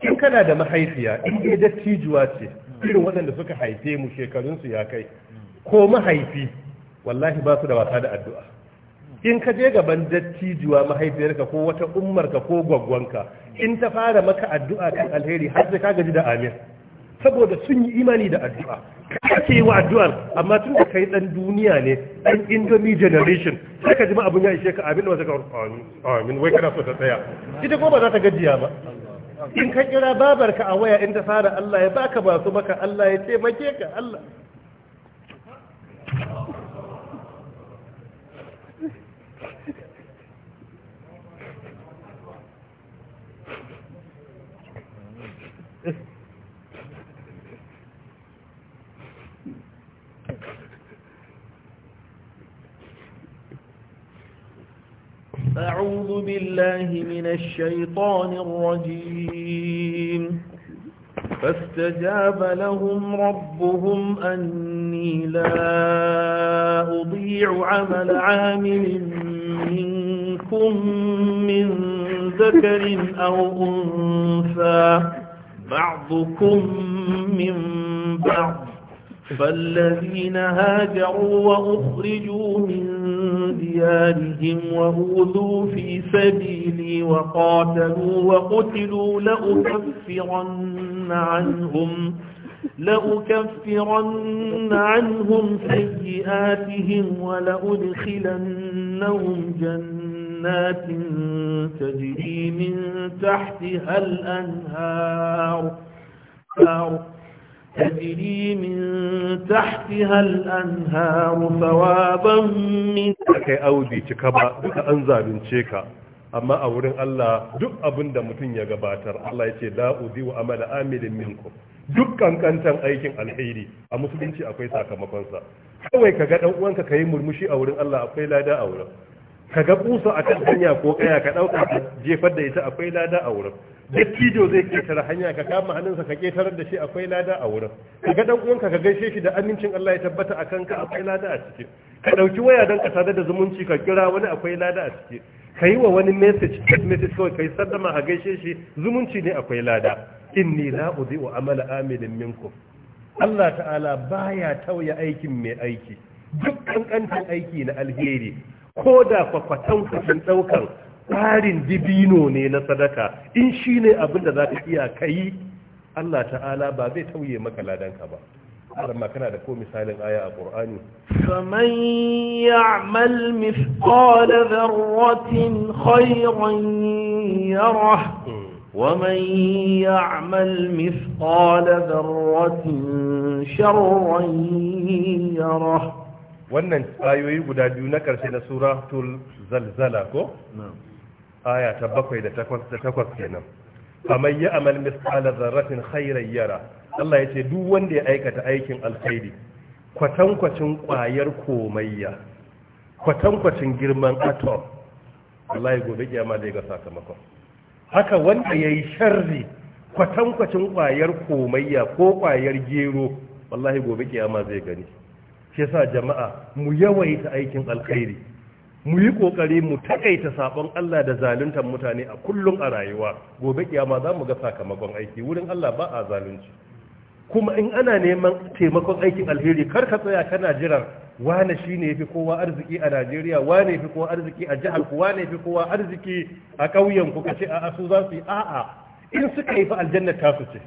in kana da mahaifiya in dai dattijuwa ce irin waɗanda suka haife mu shekarunsu ya kai ko mahaifi wallahi ba su da wasa da addu'a in ka je gaban dattijuwa mahaifiyarka ko wata ummarka ko gwaggwanka in ta fara maka addu'a kan alheri har sai ka gaji da amin saboda sun yi imani da addu'a ka ce yi wa addu'ar amma tun da kai ɗan duniya ne dan indomi generation sai ka ji ma abun ya ishe ka abin da wasu ka amin wai kana so ta tsaya ita ko ba za ta gajiya ba in ka kira babarka a waya in ta fara Allah ya baka ba su maka Allah ya taimake ka Allah أعوذ بالله من الشيطان الرجيم فاستجاب لهم ربهم أني لا أضيع عمل عامل منكم من ذكر أو أنثى بعضكم من بعض فالذين هاجروا وأخرجوا من ديارهم وأوذوا في سبيلي وقاتلوا وقتلوا لأكفرن عنهم لأكفرن عنهم سيئاتهم ولأدخلنهم جنات تجري من تحتها الأنهار تجري من تحتها الأنهار ثوابا من kai audi cika ba duka an zalunce ka amma a wurin Allah duk abinda mutum ya gabatar Allah ya ce la uziu amala amilin duk kankantan aikin alheri a musulunci akwai sakamakonsa kawai ka ga dan uwanka yi murmushi a wurin Allah akwai lada a wurin ka ga ƙusa a kan hanya ko kaya ka ɗauka ka jefar da ita akwai lada a wurin dattijo zai ketare hanya ka kama hannunsa ka ƙetare da shi akwai lada a wurin ka ga uwanka ka gaishe shi da amincin Allah ya tabbata a kanka akwai lada a ciki ka ɗauki waya don ka sadar da zumunci ka kira wani akwai lada a ciki ka yi wa wani message text message kawai ka yi sallama a gaishe shi zumunci ne akwai lada inni la wa amala aminin minkum Allah ta'ala baya tauya aikin mai aiki duk kankantan aiki na alheri ko da kwakwatan kusan ɗaukan tsarin dibino ne na sadaka in shi ne abin da za ka iya ka yi Allah ta'ala ba zai tauye maka ladanka ba amma kana da ko misalin aya a ƙur'ani faman ya'mal mithqala dharratin khayran yarah ومن يعمل مثقال ذرة شرا يره wannan ayoyi guda biyu na ƙarshe na suratul zalzala ko aya ta bakwai da takwas kenan kamar yi amal misala zarrafin khairar yara Allah ya ce duk wanda ya aikata aikin alkhairi kwatankwacin kwayar komayya kwatankwacin girman atom Allah ya gobe kiyama da ya ga sakamakon haka wanda ya yi sharri kwatankwacin kwayar komayya ko kwayar gero wallahi gobe kiyama zai gani ke sa jama'a mu yawaita aikin alkhairi mu yi kokari mu takaita sabon Allah da zaluntar mutane a kullum a rayuwa gobe kiyama za mu ga sakamakon aiki wurin Allah ba a zalunci kuma in ana neman taimakon aikin alheri kar ka tsaya kana jiran wane ne yafi kowa arziki a Najeriya wane yafi kowa arziki a jihar ku wane yafi kowa arziki a ƙauyen ku kace a su za su yi a'a in suka yi fa aljanna ta su ce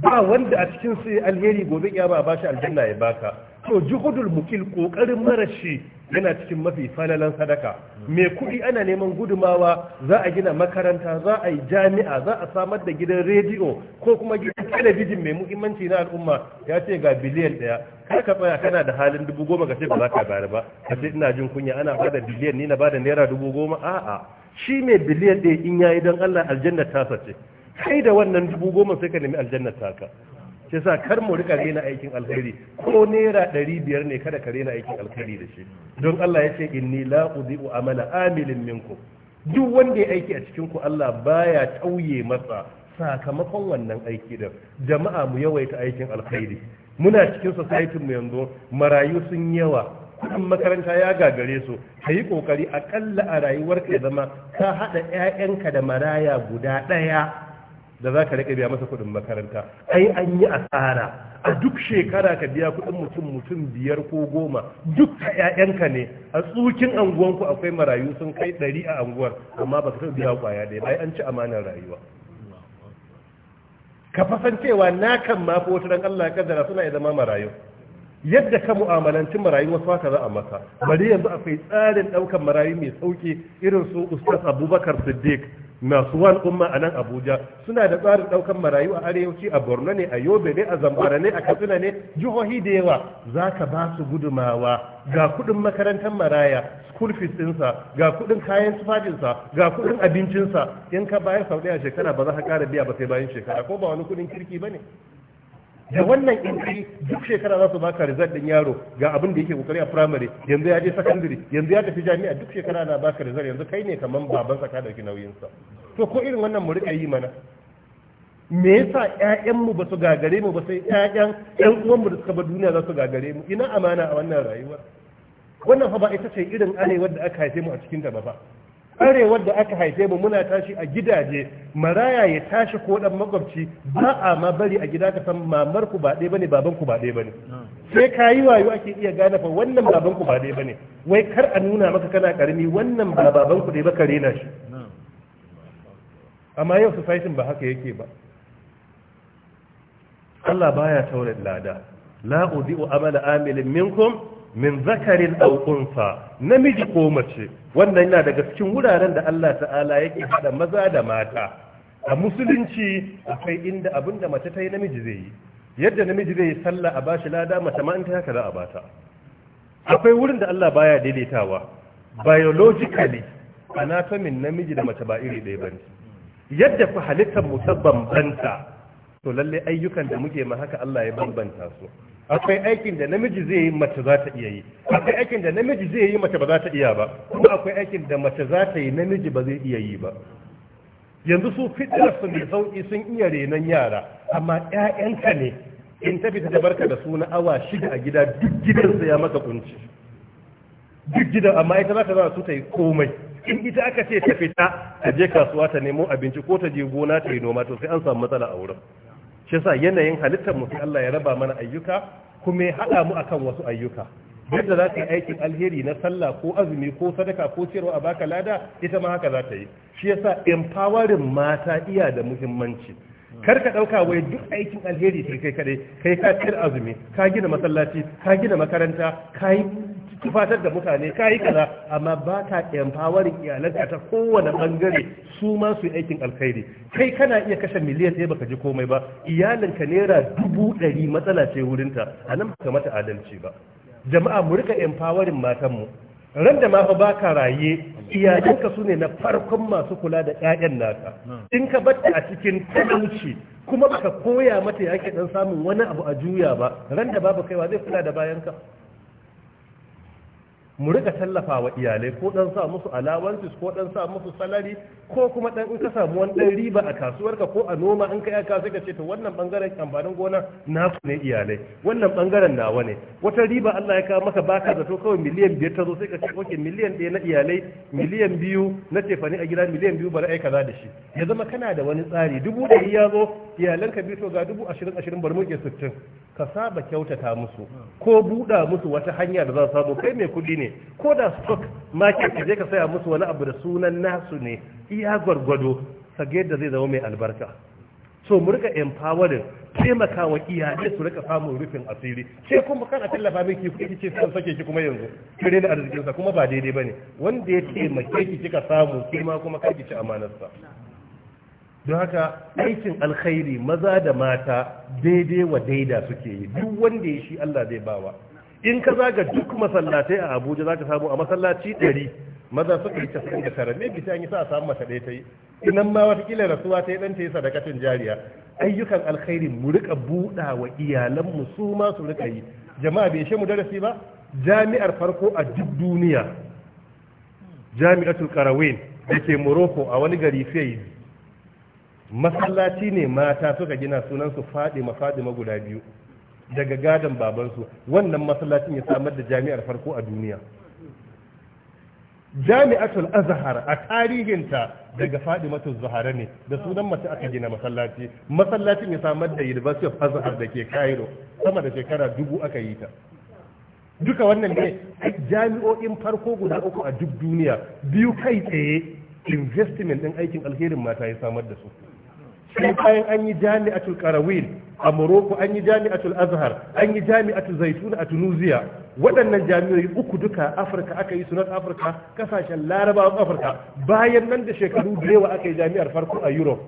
ba wanda a cikin su alheri gobe kiyama ba shi aljanna ya baka to juhudul mukil kokarin marashi yana cikin mafi falalan sadaka mai kuɗi ana neman gudumawa za a gina makaranta za a yi jami'a za a samar da gidan rediyo ko kuma gidan talabijin mai muhimmanci na al'umma ya ce ga biliyan ɗaya kar ka tsaya kana da halin dubu goma ka ce ba za ka bayar ba ka ce ina jin kunya ana bada biliyan ni na bada naira dubu goma a'a shi mai biliyan ɗaya in yayi don Allah aljanna ta sace kai da wannan dubu goma sai ka nemi aljanna taka shi sa kar mu rika rena aikin alkhairi ko naira ɗari biyar ne kada ka rena aikin alkhairi da shi don Allah ya ce inni la udhi'u amala amilin minkum duk wanda ya aiki a cikin ku Allah baya tauye masa sakamakon wannan aiki da. jama'a mu yawaita aikin alkhairi muna cikin society mu yanzu marayu sun yawa kudin makaranta ya gagare su ka yi kokari akalla a rayuwarka ya zama ka haɗa 'ya'yanka da maraya guda ɗaya da za ka rika biya masa kuɗin makaranta ai an yi asara a duk shekara ka biya kuɗin mutum mutum biyar ko goma duk ka ƴaƴanka ne a tsukin anguwanku akwai marayu sun kai ɗari a anguwar amma ba ka taɓa biya kwaya ɗaya ai an ci amanar rayuwa ka cewa na kan ma wata ran Allah ya kaddara suna ya zama marayu yadda ka mu'amalanci marayu wasu haka za a masa, bari yanzu akwai tsarin ɗaukar marayu mai sauƙi irin su ustaz abubakar siddiq Suwan umma a nan abuja suna da tsarin ɗaukar marayu a arewaci a borno ne a yobe ne a zambara ne a katsina ne jihohi da yawa za ka ba su gudumawa ga kuɗin makarantar maraya school fees ɗinsa ga kuɗin kayan tufafinsa ga kuɗin abincinsa in ka bayar sau ɗaya shekara ba za ka ƙara biya ba sai bayan shekara ko ba wani kuɗin kirki ba ne da wannan inci duk shekara za su baka result din yaro ga abin da yake kokari a primary yanzu ya je secondary yanzu ya tafi jami'a duk shekara na baka result yanzu kai ne kaman baban sa ka dauki nauyin sa to ko irin wannan mu rika yi mana me yasa ƴaƴan mu ba su gagare mu ba sai ƴaƴan ƴan uwan mu da suka bar duniya za su gagare mu ina amana a wannan rayuwar wannan fa ba ita ce irin alewar da aka haife mu a cikin ta ba fa arewar da aka haife mu muna tashi a gidaje maraya ya tashi ko dan makwabci ba a ma bari a gida ka san mamar ku ba dai bane baban ku ba dai bane sai kayi wayo ake iya gane fa wannan baban ku ba dai bane wai kar a nuna maka kana karami wannan ba baban ku dai ba kare na shi amma yau society ba haka yake ba Allah baya taurin lada la udi'u amala amilin minkum min zakarin aw unsa namiji ko mace wannan yana daga cikin wuraren da Allah ta'ala yake hada maza da mata a musulunci akwai inda abin da mace ta yi namiji zai yi yadda namiji zai yi sallah a bashi lada mace ma in ta haka za a bata akwai wurin da Allah baya daidaitawa biologically anatomin namiji da mace ba iri ɗaya bane yadda fa halittar mu ta bambanta to lalle ayyukan da muke ma haka Allah ya bambanta su akwai aikin da namiji zai yi mace za ta iya yi akwai aikin da namiji zai yi mace ba za ta iya ba kuma akwai aikin da mace za ta yi namiji ba zai iya yi ba yanzu su su mai sauƙi sun iya renon yara amma 'ya'yanka ne in ta fita ta barka da suna awa shiga a gida duk gidansa ya maka kunci duk gidan amma ita za ta zama su ta yi komai in ita aka ce ta fita ta je kasuwa ta nemo abinci ko ta je gona ta yi noma to sai an samu matsala a wurin shi yasa yanayin halittar mu Allah ya raba mana ayyuka kuma ya haɗa mu akan wasu ayyuka yadda za ta yi aikin alheri na sallah ko azumi ko sadaka ko ciyarwa a baka lada ita ma haka za ta yi shi yasa empowerin mata iya da muhimmanci kar ka ɗauka wai duk aikin alheri kai kai kaɗai kai ka ciyar azumi ka gina masallaci ka gina makaranta ka yi tufatar da mutane ka yi kaza amma ba ta empowering iyalanka ta kowane bangare su ma su aikin alkhairi kai kana iya kashe miliyan ɗaya baka ji komai ba Iyalanka naira dubu ɗari matsala ce wurinta a nan baka mata adalci ba jama'a mu rika empowering matanmu ran da ma fa ka raye iyalanka su ne na farkon masu kula da 'ya'yan naka in ka batta a cikin talauci kuma baka koya mata ya ke dan samun wani abu a juya ba ran da babu kaiwa zai kula da bayanka mu rika tallafa wa iyalai ko dan sa musu allowances ko dan sa musu salari ko kuma dan in ka samu wani dan riba a kasuwar ka ko a noma in ka yi kasuwa ka ce to wannan bangaren amfanin gona su ne iyalai wannan bangaren nawa ne wata riba Allah ya kawo maka baka zato kawai miliyan biyar ta zo sai ka ce oke miliyan ɗaya na iyalai miliyan biyu na tefani a gida miliyan biyu bari ai kaza da shi ya zama kana da wani tsari dubu ɗari ya zo iyalan ka biyu to ga dubu ashirin ashirin bari muke sittin ka saba kyautata musu ko buɗa musu wata hanya da za su samu kai mai kuɗi ne ne ko da stock market ka je ka saya musu wani abu da sunan nasu ne iya gwargwado sage da zai zama mai albarka so mu rika empowering taimakawa iya iyalai su rika samun rufin asiri sai kuma kana tallafa miki kuke ce san sake ki kuma yanzu kire da arzikin sa kuma ba daidai bane wanda ya taimake ki kika samu ma kuma kai ki ci amanar sa don haka aikin alkhairi maza da mata daidai wa daida suke yi duk wanda ya shi Allah zai bawa in ka zaga duk masallatai a abuja za ka samu a masallaci ɗari maza suka yi tasirin da tara ne bisa yi sa a samu mace ɗaya ta yi inan ma watakila rasuwa ta yi ɗan ta yi sadakatun jariya ayyukan alkhairi mu rika buɗa wa iyalanmu su ma su rika yi jama'a bai shi mu darasi ba jami'ar farko a duk duniya jami'atul karawin da ke morocco a wani gari sai masallaci ne mata suka gina sunan su fadima fadima guda biyu daga gadon babansu wannan masallacin ya samar da jami'ar farko a duniya jami'atul azhar a tarihinta daga fadimatul zuhara ne da sunan mace aka gina masallaci masallacin ya samar da university of azhar da ke cairo sama da shekara dubu aka yi ta duka wannan ne jami'o'in farko guda uku a duk duniya biyu kai tsaye investment din aikin alherin mata ya samar da su sai bayan an yi jami'atul qarawil a Morocco an yi jami'atul Azhar an yi jami'atul Zaitun a Tunisia waɗannan jami'o'i uku duka Afirka aka yi sunan Afirka kasashen Larabawan Afirka bayan nan da shekaru da yawa aka yi jami'ar farko a Europe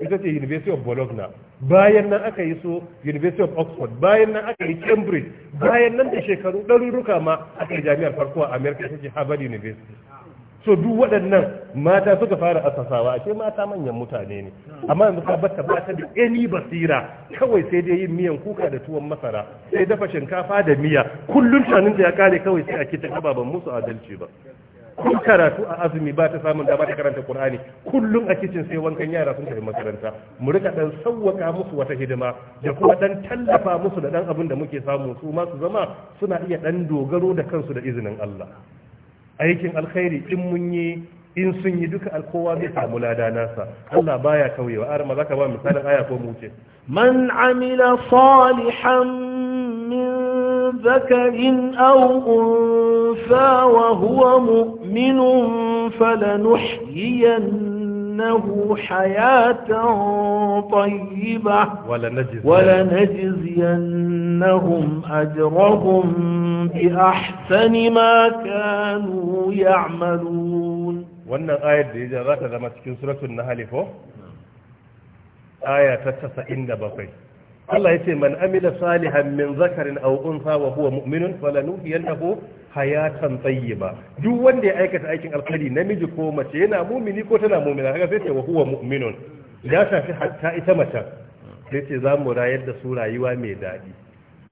ita ce University of Bologna bayan nan aka yi so University of Oxford bayan nan aka yi Cambridge bayan nan da shekaru ɗaruruka ma aka yi jami'ar farko a America ita ce Harvard University so duk waɗannan mata suka fara asasawa a ce mata manyan mutane ne amma yanzu ka bata ba ta da any basira kawai sai dai yin miyan kuka da tuwon masara sai dafa shinkafa da miya kullum shanin da ya kare kawai sai a kita ababen musu adalci ba kun karatu a azumi ba ta samun dama ta karanta Qur'ani kullum a kicin sai wankan yara sun tafi makaranta mu rika dan sawwaka musu wata hidima da kuma dan tallafa musu da dan abin da muke samu su ma su zama suna iya dan dogaro da kansu da izinin Allah aikin alkhairi in mun yi in sun yi duka alkowa zai samu lada nasa Allah baya wa arma zaka ba misalin aya ko mu ce man amila salihan min zakarin aw unsa wa huwa mu'minun falanuhyiyannahu hayatan tayyibah wa lanajziyannahum ajrahum بأحسن ما كانوا يعملون wannan ayar da ya za ta zama cikin suratul nahl ko aya ta bakwai. Allah ce man amila salihan min zakarin aw unsa wa huwa mu'minun falanuhyiyannahu hayatan tayyiba duk wanda ya aikata aikin alkhairi namiji ko mace yana mumini ko tana mumina kaga sai ce wa huwa mu'minun ya shafi hatta ita mace sai ce za mu rayar da su rayuwa mai daɗi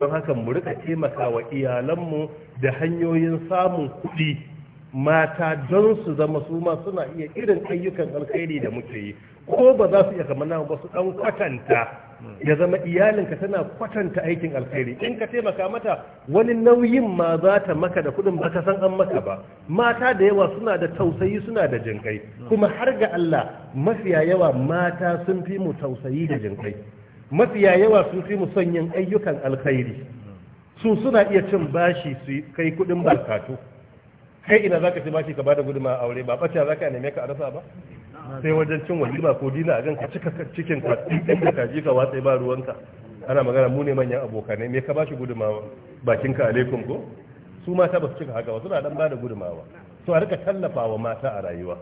don haka mu rika taimakawa iyalanmu da hanyoyin samun kuɗi mata don su zama su ma suna iya irin ayyukan alkhairi da muke yi ko ba za su iya kamar na ba su dan kwatanta ya zama iyalinka tana kwatanta aikin alkhairi in ka taimaka mata wani nauyin ma za ta maka da kuɗin ba ka san an maka ba mata da yawa suna da tausayi suna da jinkai kuma har ga Allah mafiya yawa mata sun fi mu tausayi da jinkai mafiya yawa sun fi musanyin ayyukan alkhairi su suna iya cin bashi su kai kudin barkatu kai ina zaka ci bashi ka bada guduma aure ba bacci zaka neme ka arsa ba sai wajen cin walima ko dina a gan ka cika cikin ka din ka kaji ka watsa ba ruwanka ana magana mu ne manyan abokanai me ka bashi gudumawa bakin ka alaikum ko su mata ba su cika haka ba suna dan bada gudumawa su a rika tallafa mata a rayuwa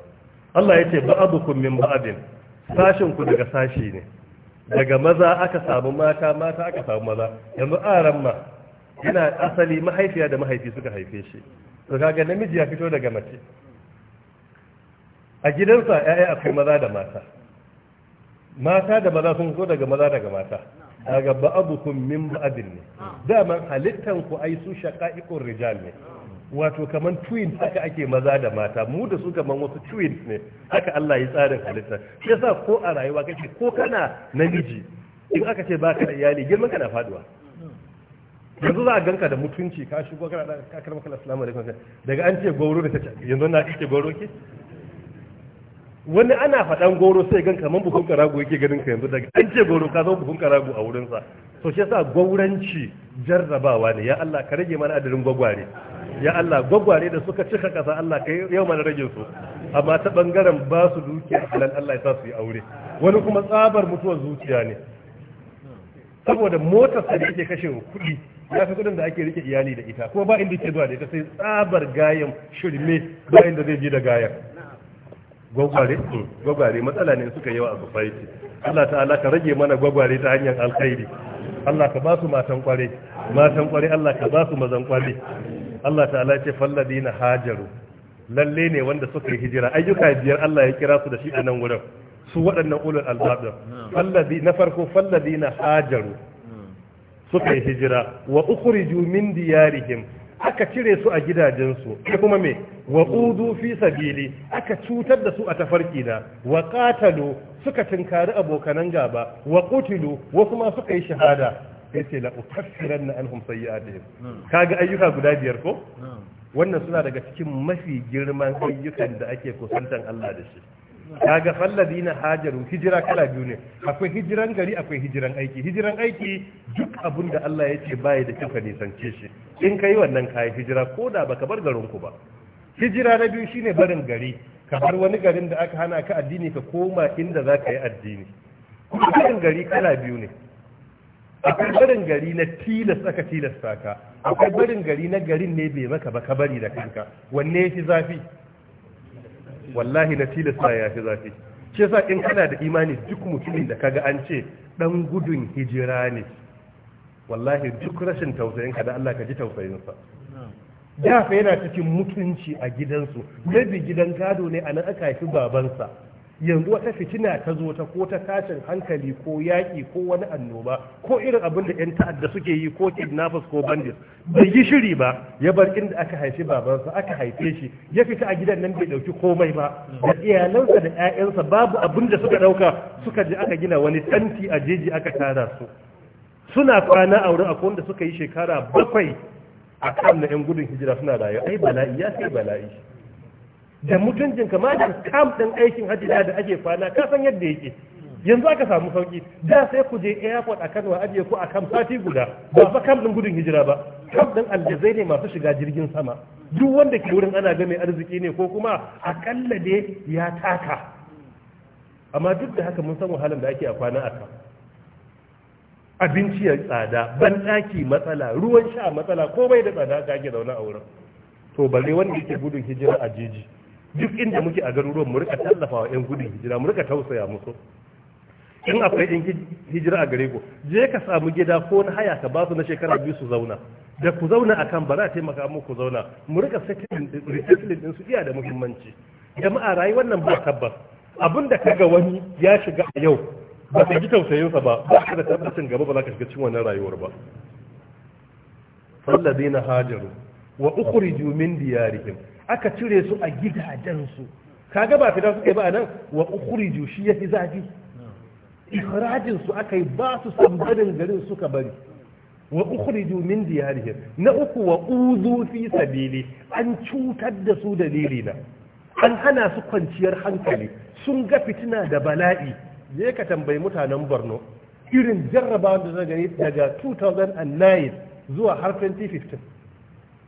Allah ya ce ba'adukum min ba'adin sashin ku daga sashi ne daga maza aka samu mata mata aka samu maza yanzu aran ma yana asali mahaifiya da mahaifi suka haife shi to kaga namiji ya fito daga mace a gidansa ya'ya akwai maza da mata mata da maza sun zo daga maza daga mata daga ba'abukum min ba'adin ne ah. daman halittan ku ai su shaqa'iqur rijal ne wato kaman twins haka ake maza da mata mu da su kaman wasu twins ne haka Allah ya tsarin halitta ya yasa ko a rayuwa kake ko kana namiji in aka ce baka da iyali girman ka na faduwa yanzu za a ganka da mutunci ka shigo kana da kakar maka assalamu alaikum daga an ce gauro da ta yanzu na ce gauro ke wani ana faɗan goro sai gan kaman bukun karago yake ganin ka yanzu daga an ce goro ka zo bukun karago a wurinsa to shi yasa gwauranci jarrabawa ne ya Allah ka rage mana adadin gwagware ya Allah gwagware da suka cika kasa Allah ka yau mana rage su amma ta bangaren ba su dukiya halal Allah ya sa su yi aure wani kuma tsabar mutuwar zuciya ne saboda motar sa da yake kashe kuɗi ya fi kuɗin da ake rike iyali da ita kuma ba inda ke zuwa da ita sai tsabar gayan shirme ba da zai je da gayan gwagware hmm, gwagware matsala ne suka yawa a society Allah ta'ala ka rage mana gwagware ta hanyar alkhairi Allah ka ba su matan kware matan kware Allah ka ba su mazan kware Allah ta'ala ce falladina hajaru lalle ne wanda suka yi hijira ayyuka biyar Allah ya kira su da shi a nan wurin su waɗannan ulul albab falladi na farko falladi na hajaru hmm. suka yi hijira wa ukhriju min diyarihim aka cire su a gidajensu sai kuma me wa udu fi sabili aka cutar da su a tafarki da wa qatalu suka tinkari abokanan gaba wa qutilu wasu ma suka yi shahada yace la ukaffiranna anhum sayyi'atihim hmm. kaga ayyuka guda biyar ko hmm. wannan suna daga cikin mafi girman ayyukan da ake kusantan Allah da shi kaga na hajaru hijira kala biyu ne akwai hijiran gari akwai hijiran aiki hijiran aiki duk abun da Allah ya ce baya da kika nisance shi in kai wannan kai hijira ko da baka bar garin ku ba hijira na biyu shine barin gari ka bar wani garin da aka hana ka addini ka koma inda za ka yi addini barin gari kala biyu ne akwai barin gari na tilas aka tilasta ka akwai barin gari na garin ne bai maka ba ka bari da kanka wanne ya fi zafi wallahi na tilasta ya fi zafi shi sa in kana da imani duk mutumin da kaga an ce dan gudun hijira ne wallahi duk rashin tausayin ka da Allah ka ji tausayinsa. sa fa yana cikin mutunci a gidansu maybe gidan gado ne anan aka haifi babansa yanzu wata fitina ta zo ta ko ta tashin hankali ko yaƙi ko wani annoba ko irin abin da 'yan ta'adda suke yi ko kidnappers ko bandits bai yi shiri ba ya bar inda aka haifi babansa aka haife shi ya fita a gidan nan bai ɗauki komai ba da iyalansa da 'ya'yansa babu abin da suka ɗauka suka je aka gina wani tanti a jeji aka tara su suna kwana a wurin akwai wanda suka yi shekara bakwai a kan na 'yan gudun hijira suna rayuwa ai bala'i ya sai bala'i da mutuncin kama da kam ɗin aikin hajji da ake kwana ka san yadda yake yanzu aka samu sauki da sai ku je airport a Kano ajiye ku a kan sati guda ba fa kam din gudun hijira ba kam din aljazai ne masu shiga jirgin sama duk wanda ke wurin ana ga mai arziki ne ko kuma akalla dai ya taka amma duk da haka mun san wahalar da ake a kwana a kan abinci ya tsada ban daki matsala ruwan sha matsala komai da tsada ka ake zaune a wurin to balle wanda yake gudun hijira a jeji duk inda muke a garuruwan mu rika tallafawa yan gudun hijira mu rika tausaya musu in akwai yan hijira a gare ku je ka samu gida ko na haya ka basu na shekara biyu su zauna da ku zauna akan ba za a taimaka muku ku zauna mu rika sakin din su iya da muhimmanci jama'a rayuwar nan ba tabbas abin da kaga wani ya shiga a yau ba ka ji tausayinsa ba ba ka da tabbacin gaba ba za ka shiga cikin wannan rayuwar ba na hajaru wa ukhriju min diyarihim aka cire su a gidajensu kaga ba fita suke ba nan wa ukhriju shi yafi zafi ikhrajin su aka yi ba su sambarin garin suka bari wa ukhriju min diyarihim na uku wa uzu fi sabili an cutar da su dalili na an hana su kwanciyar hankali sun ga fitina da bala'i je ka tambayi mutanen Borno irin jarrabawa da gani daga 2009 zuwa har 2015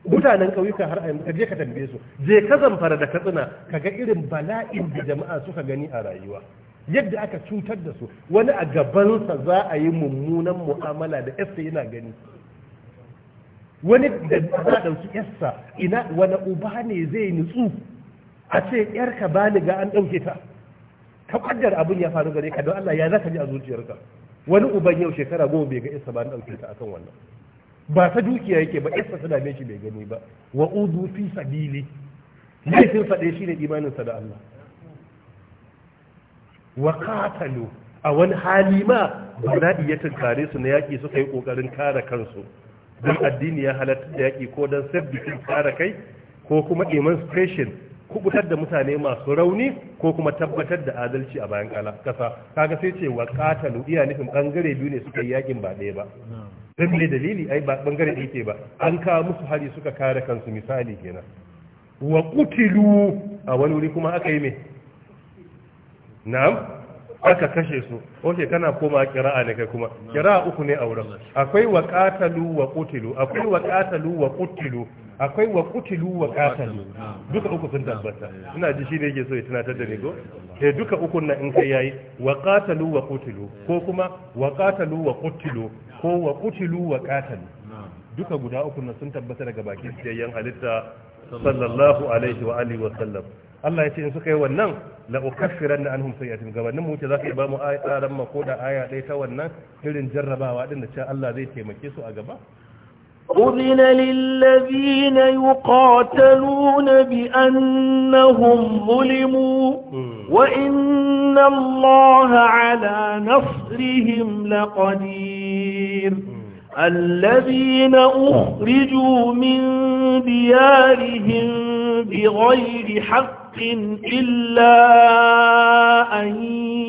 mutanen ƙauyuka har a je ka tambaye su je ka zamfara da katsina ka ga irin bala'in da jama'a suka gani a rayuwa yadda aka cutar da su wani a gabansa za a yi mummunan mu'amala da yasta yana gani wani da za ɗauki yasta ina wani uba ne zai nutsu a ce yarka bani ga an ɗauke ta ka kaddar abin ya faru gare ka don Allah ya zaka ji a zuciyarka wani uban yau shekara goma bai ga yasta ba an ɗauke ta akan wannan ba ta dukiya yake ba yasa ta dame shi bai gani ba wa udu fi sabili laifin sa ɗaya shine imanin sa da Allah wa qatalu a wani hali ma bala'i ya tunkare su na yaƙi suka yi ƙoƙarin kare kansu don addini ya halatta da yaƙi ko don sabbitin kare kai ko kuma emancipation kubutar da mutane masu rauni ko kuma tabbatar da adalci a bayan kasa kaga sai ce wa katalu iya nufin bangare biyu ne suka yi yakin ba ɗaya ba don me dalili ai ba bangare da yake ba an kawo musu hari suka kare kansu misali kenan wa kutilu a wani wuri kuma aka yi me na'am aka kashe su oke kana koma kira'a ne kai kuma kira'a uku ne a wurin akwai wa qatalu wa qutilu akwai wa qatalu wa qutilu akwai wa kutilu wa qatalu duka uku sun tabbata ina ji shi ne yake so ya tunatar da ni go eh duka uku nan in kai yayi wa katalu wa kutilu ko kuma wa katalu wa kutilu ko wa kutilu wa qatalu duka guda uku nan sun tabbata daga bakin siyayyen halitta sallallahu alaihi wa alihi wa sallam Allah ya ce in suka yi wannan la ukaffiran na anhum sayyatin gabanin mu ce za ka ba mu ma mako da aya ɗaya ta wannan irin jarrabawa din da cewa Allah zai taimake su a gaba أذن للذين يقاتلون بأنهم ظلموا وإن الله على نصرهم لقدير الذين أخرجوا من ديارهم بغير حق إلا أن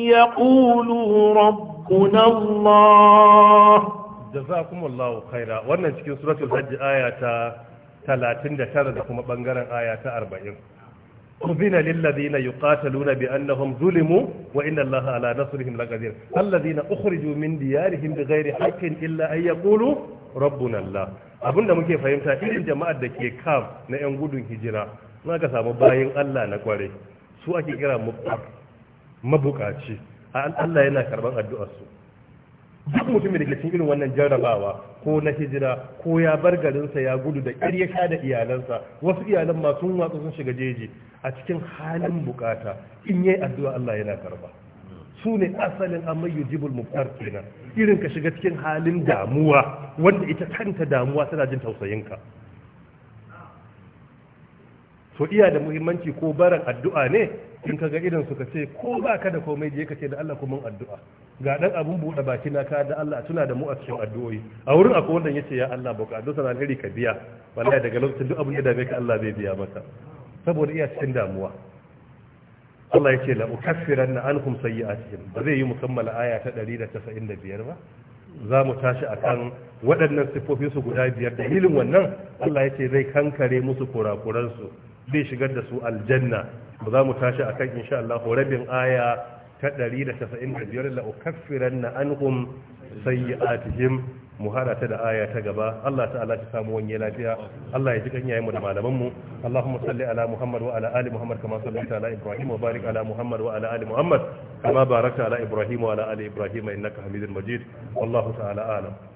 يقولوا ربنا الله جزاكم الله خيرا wannan cikin suratul hajj aya ta 39 da kuma bangaren aya ta 40 qulina lil ladina yuqataluna bi annahum zulimu wa inna allaha ala nasrihim laqadir alladina ukhriju min diyarihim bighayri haqqin illa an rabbu rabbuna allah da muke fahimta irin jama'ar da ke kam na yan gudun hijira na ka samu bayan Allah na kware su ake kira mabukaci Allah yana karban addu'ar su duk mutumin da ke cikin irin wannan jarrabawa ko na hijira ko ya bar garinsa ya gudu da ƙyar ya sha da iyalansa wasu iyalan ma sun watsa sun shiga jeji a cikin halin bukata in yayi addu'a Allah yana karba su ne asalin amma yujibul muftar kenan irin ka shiga cikin halin damuwa wanda ita kanta damuwa tana jin tausayinka so iya da muhimmanci ko baran addu'a ne in ka ga irin suka ce ko ba ka da komai je ka ce da Allah kuma addu'a ga dan abun buɗe baki na ka da Allah tuna da mu a cikin addu'o'i a wurin akwai wanda yace ya Allah addu'a sana iri ka biya wallahi daga lokacin duk abun da dame ka Allah zai biya maka saboda iya cikin damuwa Allah yace la ukaffiranna ankum sayyi'atihim ba zai yi mukammala aya ta 195 ba za mu tashi akan waɗannan siffofin su guda biyar dalilin wannan Allah ya ce zai kankare musu kurakuransu zai shigar da su aljanna ba za mu tashi a kan insha Allah rabin aya ta 195 la ukaffiranna anhum sayyi'atihim mu hada ta da aya ta gaba Allah ta'ala ta samu wani lafiya Allah ya ji kan yayin mu da malaman mu Allahumma salli ala Muhammad wa ala ali Muhammad kama sallaita ala Ibrahim wa barik ala Muhammad wa ala ali Muhammad kama barakta ala Ibrahim wa ala ali Ibrahim innaka Hamidul Majid wallahu ta'ala a'lam